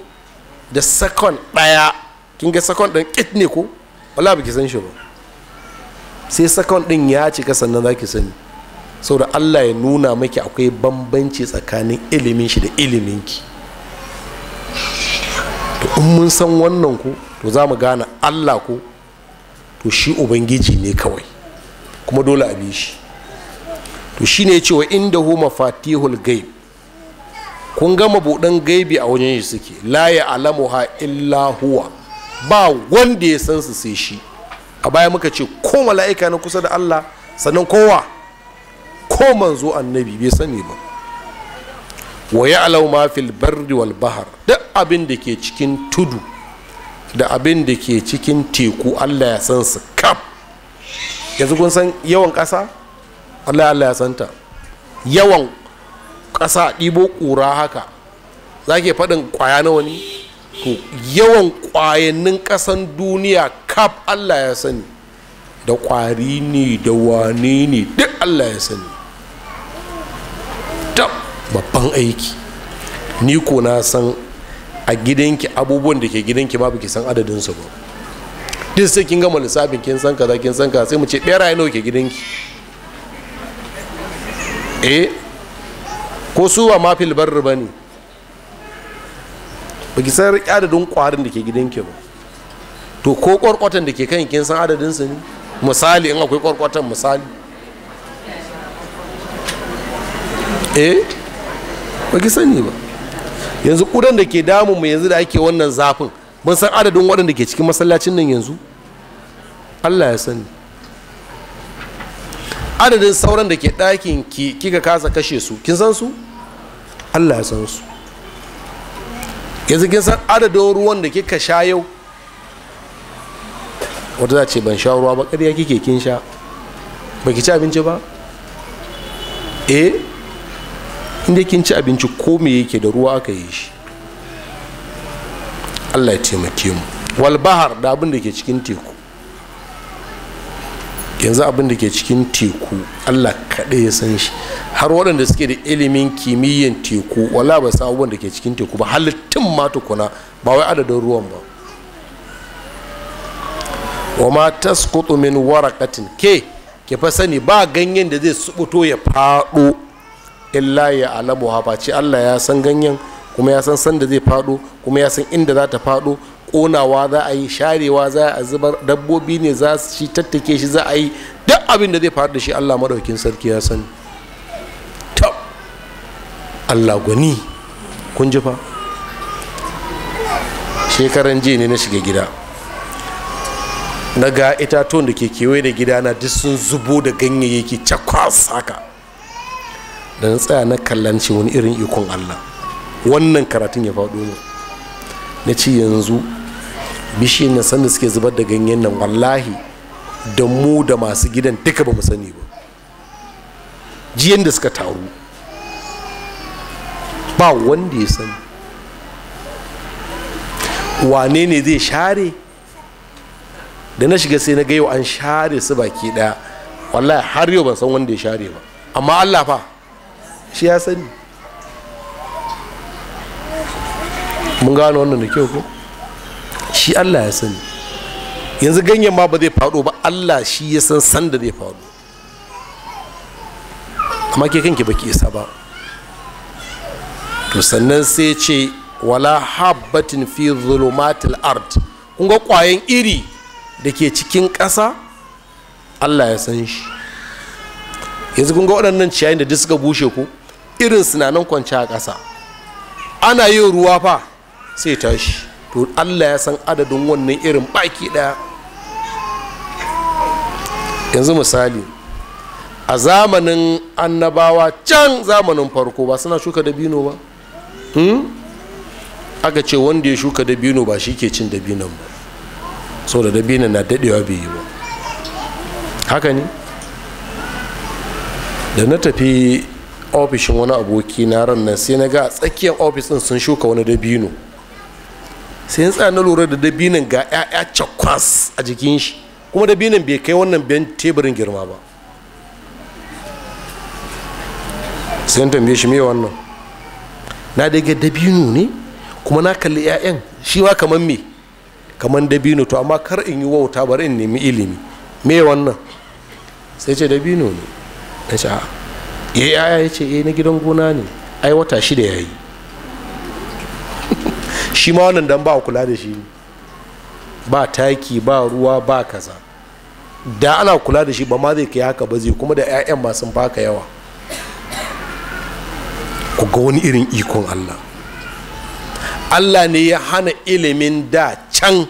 da sakon daya kin ga sakon din kit ne ko wala baki san shi ba sai sakon din ya cika sannan zaki sani saboda Allah ya nuna maki akwai bambanci tsakanin ilimin shi da ilimin ki to in mun san wannan ku to za mu gane Allah ku to shi ubangiji ne kawai kuma dole a bi shi to shi ne cewa inda hu mafatihul gaib kun gama buɗin gaibi a wajen shi suke layi alamu alamuha illa huwa ba wanda ya san su sai shi a baya muka ce ko mala'ika na kusa da Allah sannan kowa ko manzo annabi bai sani ba wa ya ma fil bardi wal bahar duk abin da ke cikin tudu da abin da ke cikin teku allah ya san su kam yanzu kun san yawan ƙasa allah allah ya ta yawan ƙasa ɗibo ƙura haka za ke faɗin ƙwaya nawa ne to yawan ƙwayannin ƙasan duniya kaf allah ya sani da ƙwari ne da wane ne duk allah ya sani babban aiki ni ko na san a gidanki abubuwan da ke gidanki ma baki san adadin su ba duk sai kin gama lissafin kin san kaza kin san kaza sai mu ce beraye nawa ke gidanki eh ko su ba ma fil barri ba ne baki san adadin kwarin da ke gidanki ba to ko ƙwarƙwatan da ke kan kin san adadin su ne misali in akwai ƙwarƙwatan misali eh ki sani ba yanzu kudan da ke damun mu yanzu da ake wannan zafin mun san adadin waɗanda ke cikin masallacin nan yanzu allah ya sani adadin sauran da ke ɗakin ki kika kasa kashe su kin san su allah ya san su yanzu kin san adadin ruwan da kika sha yau wata za ce ban sha ruwa ba ƙarya kike kin sha ba ki ci abinci ba eh inda kin ci abinci ko me yake da ruwa aka yi shi allah ya taimake mu walbahar da abin da ke cikin teku yanzu abin da ke cikin teku allah kaɗai ya san shi har waɗanda suke da ilimin kimiyyan teku wala ba sa abubuwan da ke cikin teku ba halittun ma tukuna ba wai adadin ruwan ba wa ma tasqutu min waraqatin ke ke fa sani ba ganyen da zai subuto ya faɗo illa ya alamu ha ce allah ya san ganyen kuma ya san sanda zai fado kuma ya san inda za ta faɗo ƙonawa za a yi sharewa za a zubar dabbobi ne za su shi tattake shi za a yi duk abin da zai faru da shi allah maɗaukin sarki ya sani allah gwani kun ji fa shekaran jiya ne na shiga gida na ga itatuwan da ke kewaye da gidana duk sun zubo da ganyayyaki cakwas haka da na tsaya na kallanci wani irin ikon allah wannan karatun ya faɗo ne na ci yanzu bishiyar na sanda suke zubar da ganyen nan wallahi da mu da masu gidan duka ba mu sani ba jiyan da suka taru ba wanda ya sani wane ne zai share da na shiga sai na ga an share su baki daya wallahi har yau ban san wanda ya share ba amma allah fa shi ya sani mun gano wannan da kyau ko shi allah ya sani yanzu ganyen ma ba zai faɗo ba allah shi ya san sanda zai faɗo amma ke kanki baki isa ba to sannan sai ce wala habbatin fi zulumatil ard kun ga ƙwayan iri da ke cikin ƙasa allah ya san shi yanzu kun ga waɗannan ciyayin da duk suka bushe ku irin sinanin kwanci a ƙasa ana yin ruwa fa sai tashi to allah ya san adadin wannan irin baki ɗaya yanzu misali a zamanin annabawa can zamanin farko ba suna shuka dabino ba hmm? aka ce wanda ya shuka dabino ba shi ke cin dabinon ba sau da dabinon na daɗewa bai yi ba haka ne da na tafi ofishin wani aboki na ran nan sai na ga a tsakiyar ofis din sun shuka wani dabino sai tsaya na lura da dabinin ga 'ya'ya cakwas a jikin shi kuma dabinin bai kai wannan biyan teburin girma ba sai tambaye shi me wannan na daga dabino ne kuma na kalli 'ya'yan shi ma kamar me kamar dabino to amma kar in yi wauta bari in nemi ilimi me wannan sai ce dabino ne na ce a'a ya eh, yi aya ya ce eh, na gidan gona ne ai wata shida ya yi shi ma wannan dan ba kula da shi ba taki ba ruwa ba kaza da ana kula da shi ba ma zai kai haka ba zai kuma da 'ya'yan masu baka yawa ku ga wani irin ikon allah allah ne ya hana ilimin da can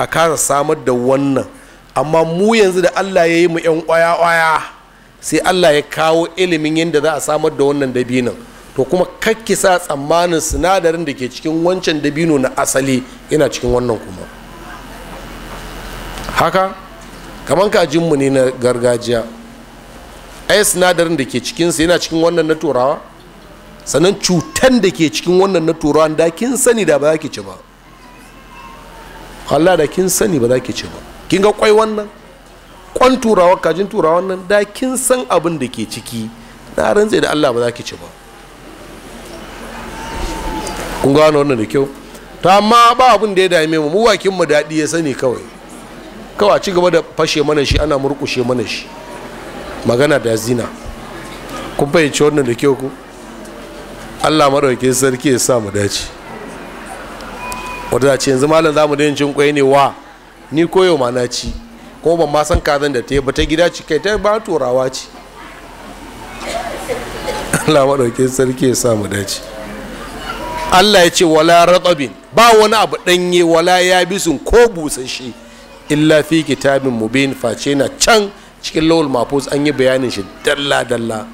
a kasa samar da wannan amma mu yanzu da allah ya yi mu 'yan kwaya-kwaya sai allah ya kawo ilimin yadda za a samar da wannan dabinin to kuma kakkisa tsammanin sinadarin da ke cikin wancan dabino na asali yana cikin wannan kuma haka kamar kajinmu ne na gargajiya ai sinadarin da ke cikinsa yana cikin wannan na turawa sannan cutan da ke cikin wannan na turawa da kin sani da ba za ki ci ba Allah da kin sani ba za ki ci ba kin ga kwai wannan kwan turawa kajin turawa nan da kin san abin da ke ciki na rantse da allah ba za ki ci ba kun gano wannan da kyau ta amma ba abin da ya dame mu wakin mu daɗi ya sani kawai kawai ci gaba da fashe mana shi ana murkushe mana shi magana da zina kun fahimci wannan da kyau ku allah maɗauke sarki ya sa mu dace wata ce yanzu malam za mu da cin kwai ne wa ni koyo ma na ci ko ban ma san kazan da ta yi ba ta gida ci kai ta ba turawa ci Allah maɗauki sarki ya sa mu dace Allah ya ce wala ratabin ba wani abu ɗanye wala ya bisun ko busasshe illa fi kitabin mubin face na can cikin lawal mafus an yi bayanin shi dalla dalla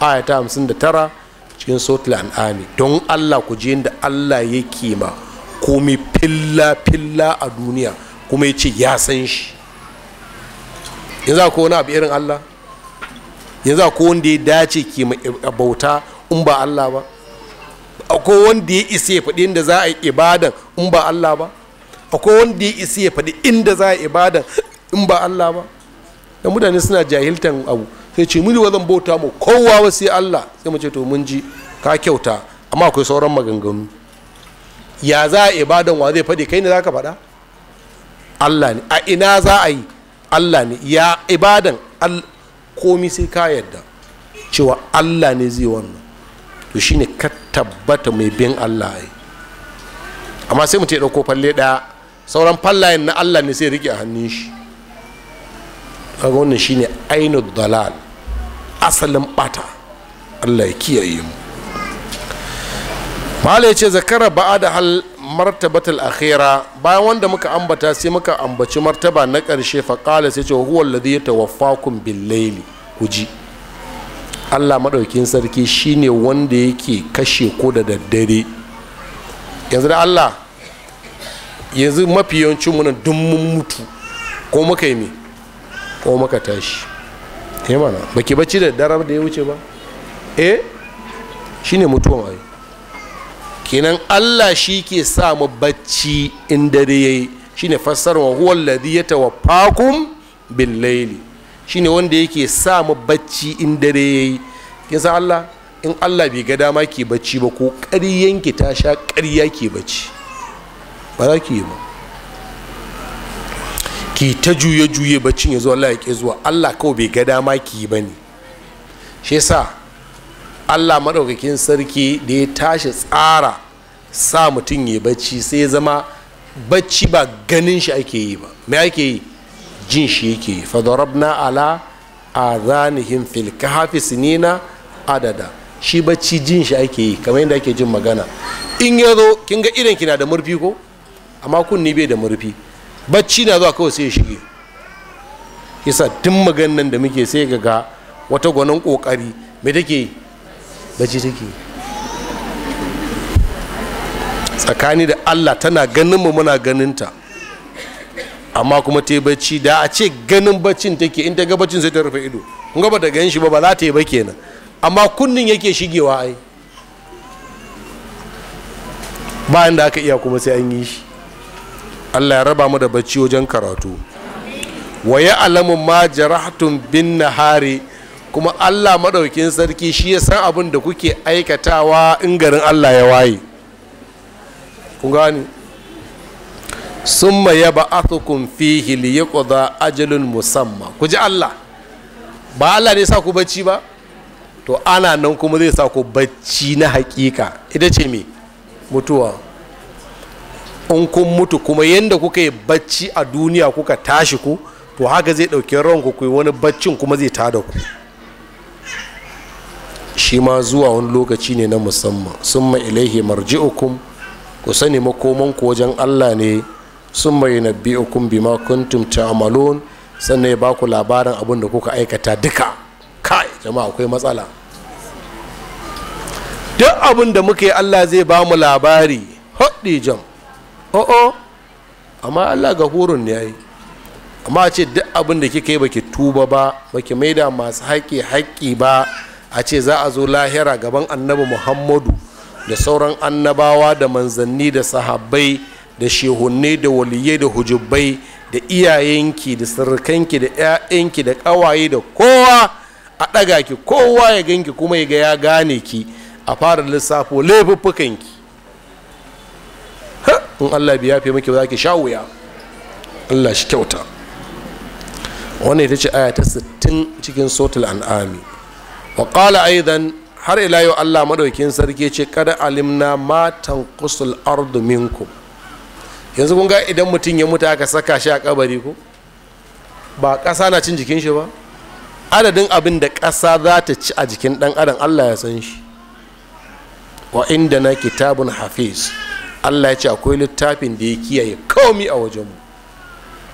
aya ta hamsin da tara cikin sotul an'ami don Allah ku je da Allah yake ma komi filla filla a duniya kuma ya ce ya san shi yanzu ko wani abu irin Allah yanzu ko wanda ya dace ke bauta in ba Allah ba akwai wanda ya isa ya faɗi inda za a yi ibadan in ba Allah ba akwai wanda ya isa ya faɗi inda za a yi ibadan in ba Allah ba da mutane suna jahiltan abu sai ce muni zan bauta mu kowa ba sai Allah sai mu ce to mun ji ka kyauta amma akwai sauran maganganu ya za a ibadan wa zai faɗi kai ne za ka faɗa Allah ne a ina za a yi allah ne ya ibadan komi sai ka yadda cewa allah ne zai wannan to shine ka tabbata mai bin allah ai amma sai mutum ya ɗauko falle ɗaya sauran fallayen na allah ne sai rike a hannun shi kaga wannan shine ainu dalal asalin bata allah ya kiyaye mu mala ya ce zakara ba'a da hal martabatul akhira bayan wanda muka ambata sai muka ambaci martaba na ƙarshe faƙala sai ce huwa alladhi yatawaffakum bil-layli ku ji Allah madaukin sarki shine wanda yake kashe ko da daddare yanzu da Allah yanzu mafi yawancin mu duk mun mutu ko muka yi me ko muka tashi eh mana baki bacci da daddare da ya wuce ba eh shine mutuwa mai kenan allah shi ke sa mu bacci in dare yayi shine fassar wa huwa alladhi yatawaffakum bil shi shine wanda yake sa mu bacci in dare yayi kin san allah in allah bai ga dama ke bacci ba ko ƙaryen ki ta sha ƙarya ke bacci ba za ki yi ba ki ta juye juye baccin ya zo allah ya ke zuwa allah kawai bai ga dama ki yi ba ne shi yasa allah maɗaukakin sarki da ya tashi tsara sa mutum ya bacci sai ya zama bacci ba ganin shi ake yi ba me ake yi jin shi yake yi fadarabna ala a zanihin fil hafi sinina adada shi bacci jin shi ake yi kamar yadda ake jin magana in ya zo kin ga idan na da murfi ko amma kunni bai da murfi bacci na zuwa kawai sai ya shige yasa tun maganan da muke sai ga wata gwanin kokari me take yi bacci take tsakani da allah tana ganin mu muna ganinta amma kuma ta yi bacci da a ce ganin baccin take in ta ga baccin sai ta rufe ido kuma ga bata gan shi ba ba za ta yi ba kenan amma kunnin yake shigewa ai bayan da aka iya kuma sai an yi shi allah ya raba mu da bacci wajen karatu wa ya alamun ma jarahatun bin nahari hari kuma allah maɗaukin sarki shi ya san abin da kuke aikatawa in garin allah ya waye ku gani summa ya ba'athukum fihi liyaqda ajalun musamma ku ji allah ba allah ne sa ku bacci ba to ana nan kuma zai sa ku bacci na hakika ita ce me mutuwa in kun mutu kuma yadda kuka yi bacci a duniya kuka tashi ku to haka zai ɗauki ranku ku yi wani baccin kuma zai tada ku shi ma zuwa wani lokaci ne na musamman summa ilaihi marji'ukum ku sani makomanku wajen allah ne sun summa yunabbi'ukum bima kuntum ta'malun sannan ya baku labarin abin da kuka aikata duka kai jama'a akwai matsala duk abin da muka allah zai ba mu labari haɗi jam o'o amma allah hurun ne ya yi amma ce duk abin da kika yi baki tuba ba baki maida masu haƙi haƙƙi ba a ce za a zo lahira gaban annabi muhammadu da sauran annabawa da manzanni da sahabbai da shehunne da waliyai da hujubbai da iyayenki da sirrikanki da 'ya'yanki da ƙawaye da kowa a ɗaga ki kowa ya ganki kuma ya ga ya gane ki a fara lissafo laifuffukanki in allah biya fi maki za ki sha wuya allah shi kyauta wannan ita ce aya ta 60 cikin sotul an'ami wa yi zan har ila yau Allah madaukin sarki ce kada alimna matan kusul ardu yanzu kun ga idan mutum ya mutu aka saka shi a kabari ku. ba ƙasa na cin jikin shi ba adadin abin da ƙasa za ta ci a jikin ɗan adam Allah ya san shi wa inda na kitabun hafiz Allah ya ce akwai littafin da ya kiyaye komi a wajenmu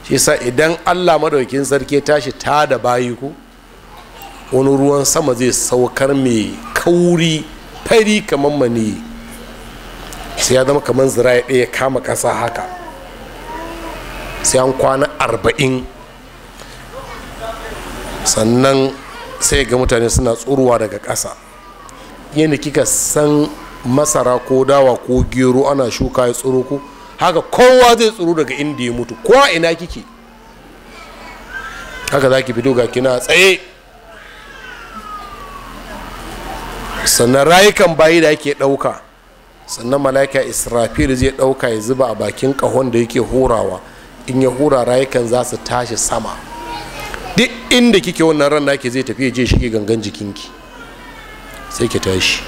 shi sa idan Allah madaukin sarki tashi ta da bayi ku wani ruwan sama zai saukar mai kauri fari kamar mani sai ya zama kamar zira ya ɗaya kama ƙasa haka sai an kwana arba'in sannan sai ga mutane suna tsuruwa daga ƙasa yadda kika san masara ko dawa ko gero ana shuka ya tsuru ku haka kowa zai tsoro daga inda ya mutu kowa ina kike haka za ki fito ga kina tsaye sannan rayukan bayi da ake ɗauka sannan mala'ika israfil zai ɗauka ya zuba a bakin ƙahon da yake hurawa in ya hura rayukan za su tashi sama duk inda kike wannan ran ke zai tafi je shige gangan jikinki sai ki tashi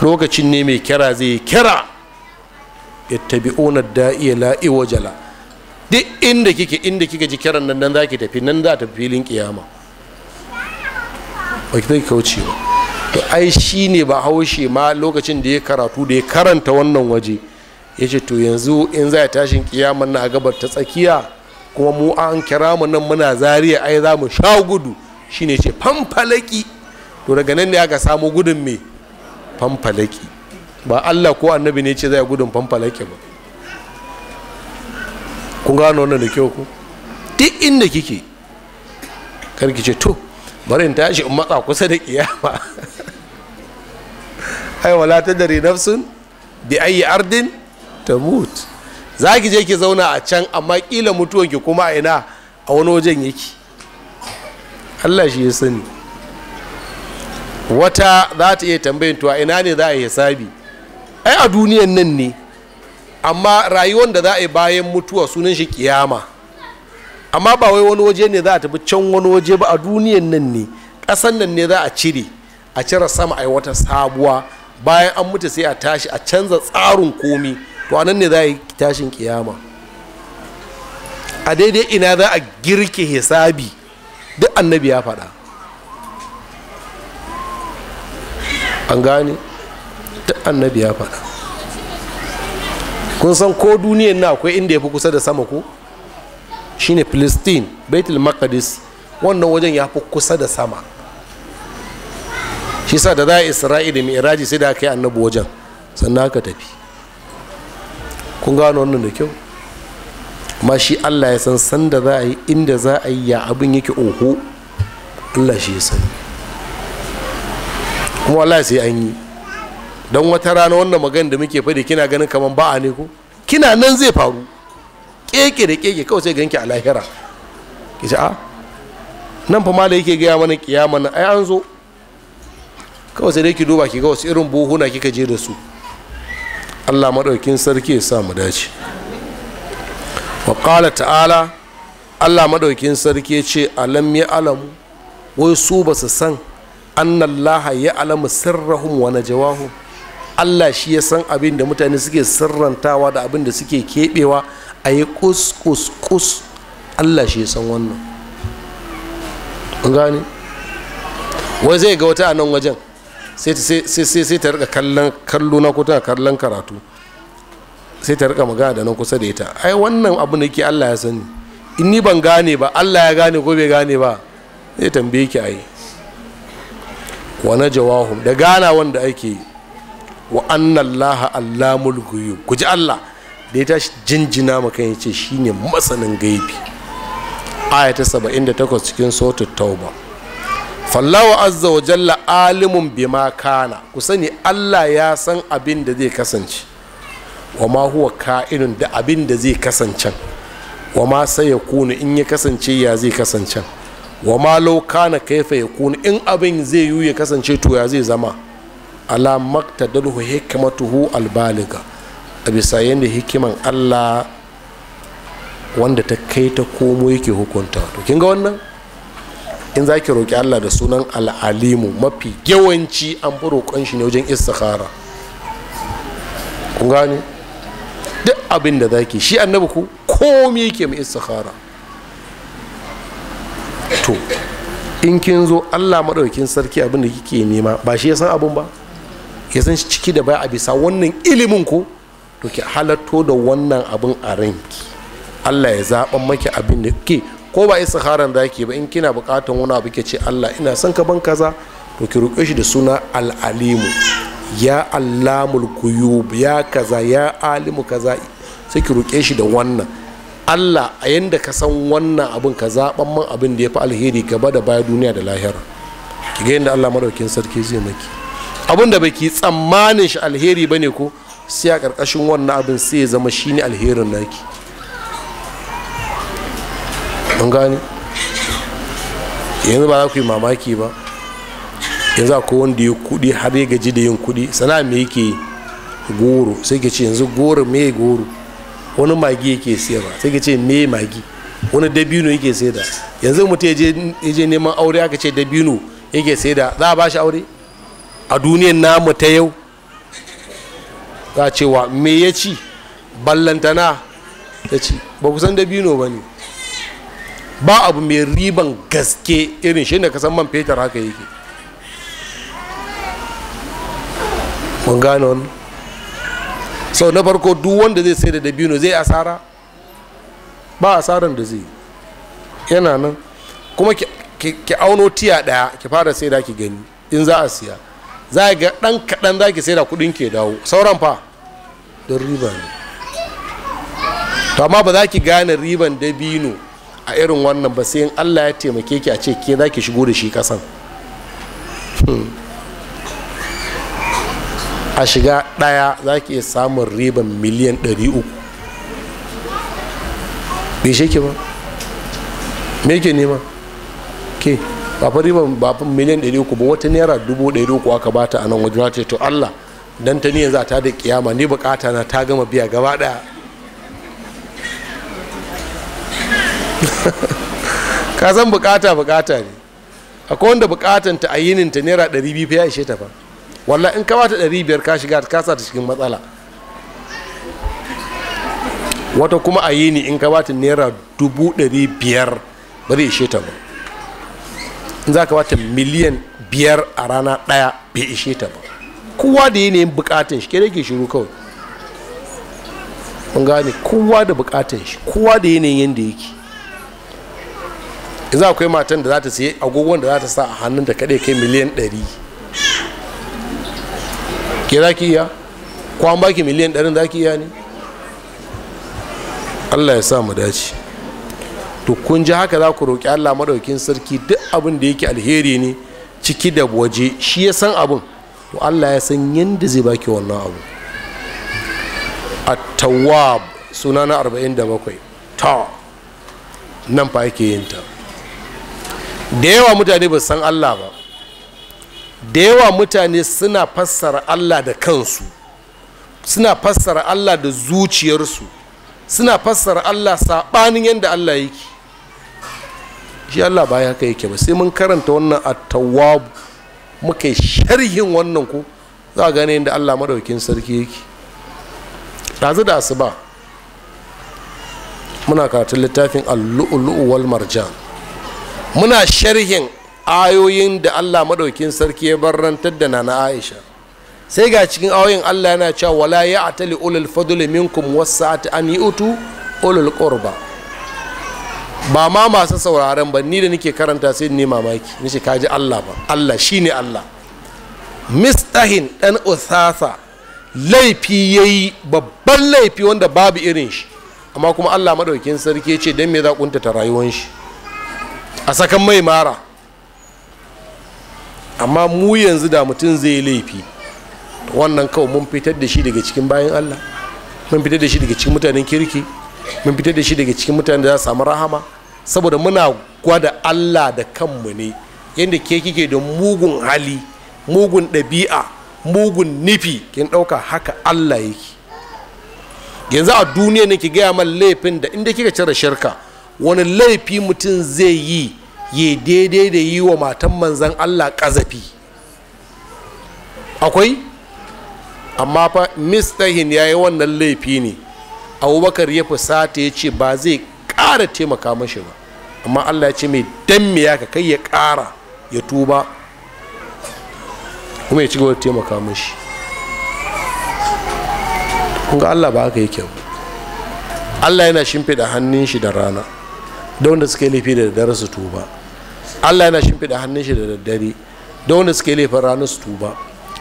lokacin ne mai kira zai kira yattabi'una da'iya la'i wajala duk inda kike inda kika ji kiran nan nan zaki tafi nan za ta filin kiyama ba ki kauce ba to ai shi ne ba haushe ma lokacin da ya karatu da ya karanta wannan waje ya ce to yanzu in za a tashin kiyaman na gabar ta tsakiya kuma mu an kira mu nan muna zariya ai za mu sha gudu shi ne ce fanfalaki to daga nan ne aka samu gudun me fanfalaki ba allah ko annabi ne ce zai gudun fanfalaki ba kun gano wannan da kyau ku duk inda kike karki ce to bari in tashi in matsa kusa da kiyama ai wala ta dare nafsun bi ayi ardin ta mut za ki je ki zauna a can amma kila mutuwan ki kuma a ina a wani wajen yake Allah shi ya sani wata za ta iya tambayin tuwa ina ne za a yi hisabi ai a duniyan nan ne amma rayuwar da za a yi bayan mutuwa sunan shi kiyama amma ba wai wani waje ne za a tafi can wani waje ba a duniyan nan ne ƙasan nan ne za a cire a cire sama a wata sabuwa bayan an mutu sai a tashi a canza tsarin komi to anan ne za a yi tashin kiyama a daidai ina za a girke hisabi duk annabi ya faɗa an gane duk annabi ya faɗa kun san ko duniyan na akwai inda ya fi kusa da sama ko shine Filistin Baitul Maqdis wannan wajen ya fi kusa da sama shi sa da za a Isra'ila mai iraji sai da aka yi annabi wajen sannan aka tafi kun gano wannan da kyau ma shi Allah ya san sanda za a yi inda za a yi ya abin yake oho Allah shi ya sani kuma Allah sai an yi don wata rana wannan magana da muke faɗi kina ganin kamar ba'a ne ko kina nan zai faru keke da keke kawai sai ganki a lahira ki ce a ah, nan fa mala yake gaya mana kiyama na ai an zo kawai sai dai ki duba ki ga wasu irin buhuna kika je da su Allah maɗaukin sarki ya sa mu dace wa qala ta'ala Allah maɗaukin sarki ya ce alam ya alamu wai su ba su san annallaha ya alamu sirrahum wa najawahum Allah shi ya san abin da mutane suke sirrantawa da abin da suke keɓewa a yi kus kus kus allah shi san wannan gani wai zai ga wata a nan wajen sai ta rika kallon kallo na kuta kallon karatu sai ta rika magana da nan kusa da ita ai wannan abu da ke allah ya sani in ni ban gane ba allah ya gane ko bai gane ba zai tambaye ki ai wani jawahun da gana wanda ake wa annan laha allamul guyu ku ji allah da ya tashi jinjina maka ya ce shine matsanin gaibi ayata ta 78 cikin sautu tauba fallawa azza wa jalla alimun bima kana ku sani allah ya san abin da zai kasance wa ma huwa ka'inun da abin da zai kasance wa ma sai ya kuna in ya kasance ya zai kasance wa ma lau kana kaifa ya kuna in abin zai yi ya kasance to ya zai zama ala maktadalhu hikmatuhu albaliga a bisa yadda hikiman allah wanda ta kai ta komo yake hukunta to kin ga wannan in za ki roƙi allah da sunan al'alimu mafi yawanci an fi roƙon shi ne wajen istikhara kun gane duk abin da zaki shi annabi ku komi yake mai istikhara to in kin zo allah maɗaukin sarki abin da kike nema ba shi ya san abin ba ya san ciki da baya a bisa wannan ilimin ku to ki halatto da wannan abin a ranki allah ya zaɓan maki abin da ke ko ba istikharan da ke ba in kina buƙatan wani abu ke ce allah ina son ka ban kaza to ki roƙe shi da suna al'alimu ya allamul kuyub ya kaza ya alimu kaza sai ki roƙe shi da wannan allah a yanda ka san wannan abin ka zaɓan man abin da ya fi alheri gaba da baya duniya da lahira ki ga yadda allah maɗaukin sarki zai maki abin da baki tsammanin shi alheri ne ko sai a ƙarƙashin wannan abin sai ya zama shi ne alherin naki an gane yanzu ba za ku yi mamaki ba yanzu akwai wanda ya kuɗi har ya gaji da yin kuɗi sana'a me yake goro sai ke ce yanzu goro me goro wani magi yake ba sai ke ce me magi wani dabino yake sai da yanzu mutum ya je neman aure aka ce dabino yake sai da za a ba shi aure a duniyar namu ta yau za cewa me ya ci ballantana ta ci ba kusan dabino ba ne ba abu mai riban gaske irin shi ne ka san man fetur haka yake mun gane wani sau na farko duk wanda zai sai da dabino zai asara ba asaran da zai yana nan kuma ki auno tiya daya ki fara sai da ki gani in za a siya za ga ɗan kaɗan za ki sai da kuɗin ke dawo sauran fa don riba ne to amma ba za ki gane riban dabino a irin wannan ba sai allah ya taimake ki a ce ke za ki shigo da shi kasan hmm. a shiga ɗaya za ki iya samun riban miliyan 300 bai shi ke ba me ke nema ke ba fa riban ba fa miliyan 300 ba wata naira 300 aka bata a nan wajen wace to Allah dan ta niyan za ta da kiyama ni bukata na ta gama biya gaba daya ka san bukata bukata ne akwai wanda bukatan ta ayinin ta naira 200 fa ya ishe ta fa walla in ka bata 500 ka shiga ka sa ta cikin matsala wata kuma ayini in ka bata naira 500 ba zai ishe ta ba za ka bata miliyan biyar a rana ɗaya bai ishe ta ba kowa da yanayin bukatun shi kere ke shiru kawai mun gane kowa da bukatun shi kowa da yanayin yadda yake za akwai matan da za ta siye agogon da za ta sa a hannun da kaɗai kai miliyan ɗari ke za ki iya ko an baki miliyan ɗarin za ki iya ne allah ya sa mu dace to kun ji haka za ku roƙi allah maɗaukin sarki duk abin da yake alheri ne ciki da waje shi ya san abin to allah ya san yadda zai baki wannan abu at-tawwab suna na 47 ta nan fa yake yin ta da yawa mutane ba san allah ba da yawa mutane suna fassara allah da kansu suna fassara allah da zuciyarsu suna fassara allah saɓanin yadda allah yake shi Allah ba haka yake ba sai mun karanta wannan at-tawwab muke sharhin wannan ko za a gane inda Allah madaukin sarki yake ɗazu da asuba muna karatun littafin al-lu'lu'u wal marjan muna sharhin ayoyin da Allah madaukin sarki ya barrantar da nana Aisha sai ga cikin ayoyin Allah yana cewa wala ya'tali ulul fadli minkum was an yu'tu ulul qurba ba ma masu sauraron ba ni da nake karanta sai ni mamaki nace kaji Allah ba Allah ne Allah mistahin dan usasa laifi yayi babban laifi wanda babu irin shi amma kuma Allah madaukin sarki ce dan me za kuntata rayuwar shi a sakan mai mara amma mu yanzu da mutum zai laifi wannan kawai mun fitar da shi daga cikin bayan Allah mun fitar da shi daga cikin mutanen kirki mun fitar da shi daga cikin mutane da za su samu rahama saboda muna gwada allah da kanmu ne yadda ke kike da mugun hali mugun ɗabi'a mugun nufi kin ɗauka haka allah yake yanzu a duniya ne ki gaya man laifin da inda kika cire shirka wani laifi mutum zai yi ya daidai da yi wa matan manzan allah ƙazafi akwai amma fa mistahin ya yi wannan laifi ne abubakar ya fusata ya ce ba zai ƙara taimaka mashi ba amma allah ya ce mai dan me ya ka kai ya ƙara ya tuba kuma ya ci gaba da taimaka mashi ga allah ba haka yake ba allah yana shimfiɗa hannun shi da rana da wanda suka yi laifi da daddare su tuba allah yana shimfiɗa hannun shi da daddare da wanda suka yi laifin rana su tuba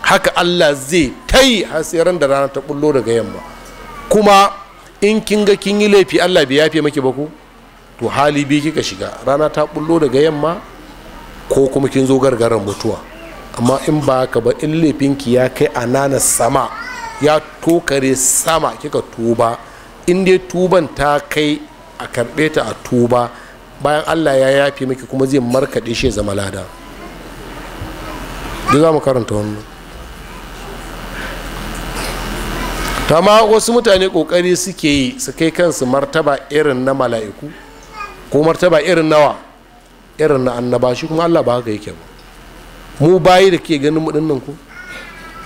haka allah zai ta yi hasiran da rana ta bullo daga yamma kuma in kin ga kin yi laifi allah bai yafe maki ba ku to hali bi kika shiga rana ta bullo daga yamma ko kuma kin zo gargaran mutuwa amma in ba ka ba in laifin ki ya kai anana sama ya tokare sama kika tuba in dai tuban ta kai a karɓe ta a tuba bayan allah ya yafe maki kuma zai markaɗe shi ya zama lada duk za mu karanta wannan amma wasu mutane kokari suke yi su kai kansu martaba irin na mala'iku ko martaba irin nawa irin na annaba shi kuma allah ba haka yake ba mu bayi da ke ganin mu ku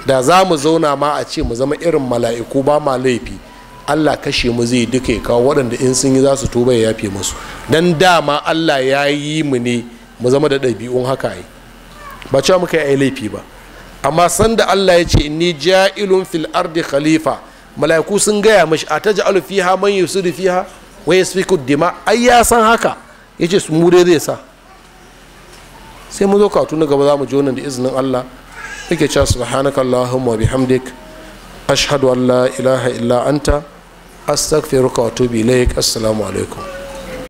da za mu zauna ma a ce mu zama irin mala'iku ba ma laifi allah kashe mu zai duka ya kawo waɗanda in sun yi za su tuba ya yafe musu don dama allah ya yi mu ne mu zama da ɗabi'un haka yi ba cewa muka yi laifi ba amma sanda allah ya ce ni ja'ilun fil ardi khalifa mala'iku sun gaya mashi a taj'alu fiha man yusiru fiha su yasfiku dima ai ya san haka yace su zai sa sai mu zo katu na gaba za mu jona da izinin Allah yake cewa subhanaka allahumma bihamdik ashhadu an la ilaha illa anta astaghfiruka wa atubu ilaik assalamu alaikum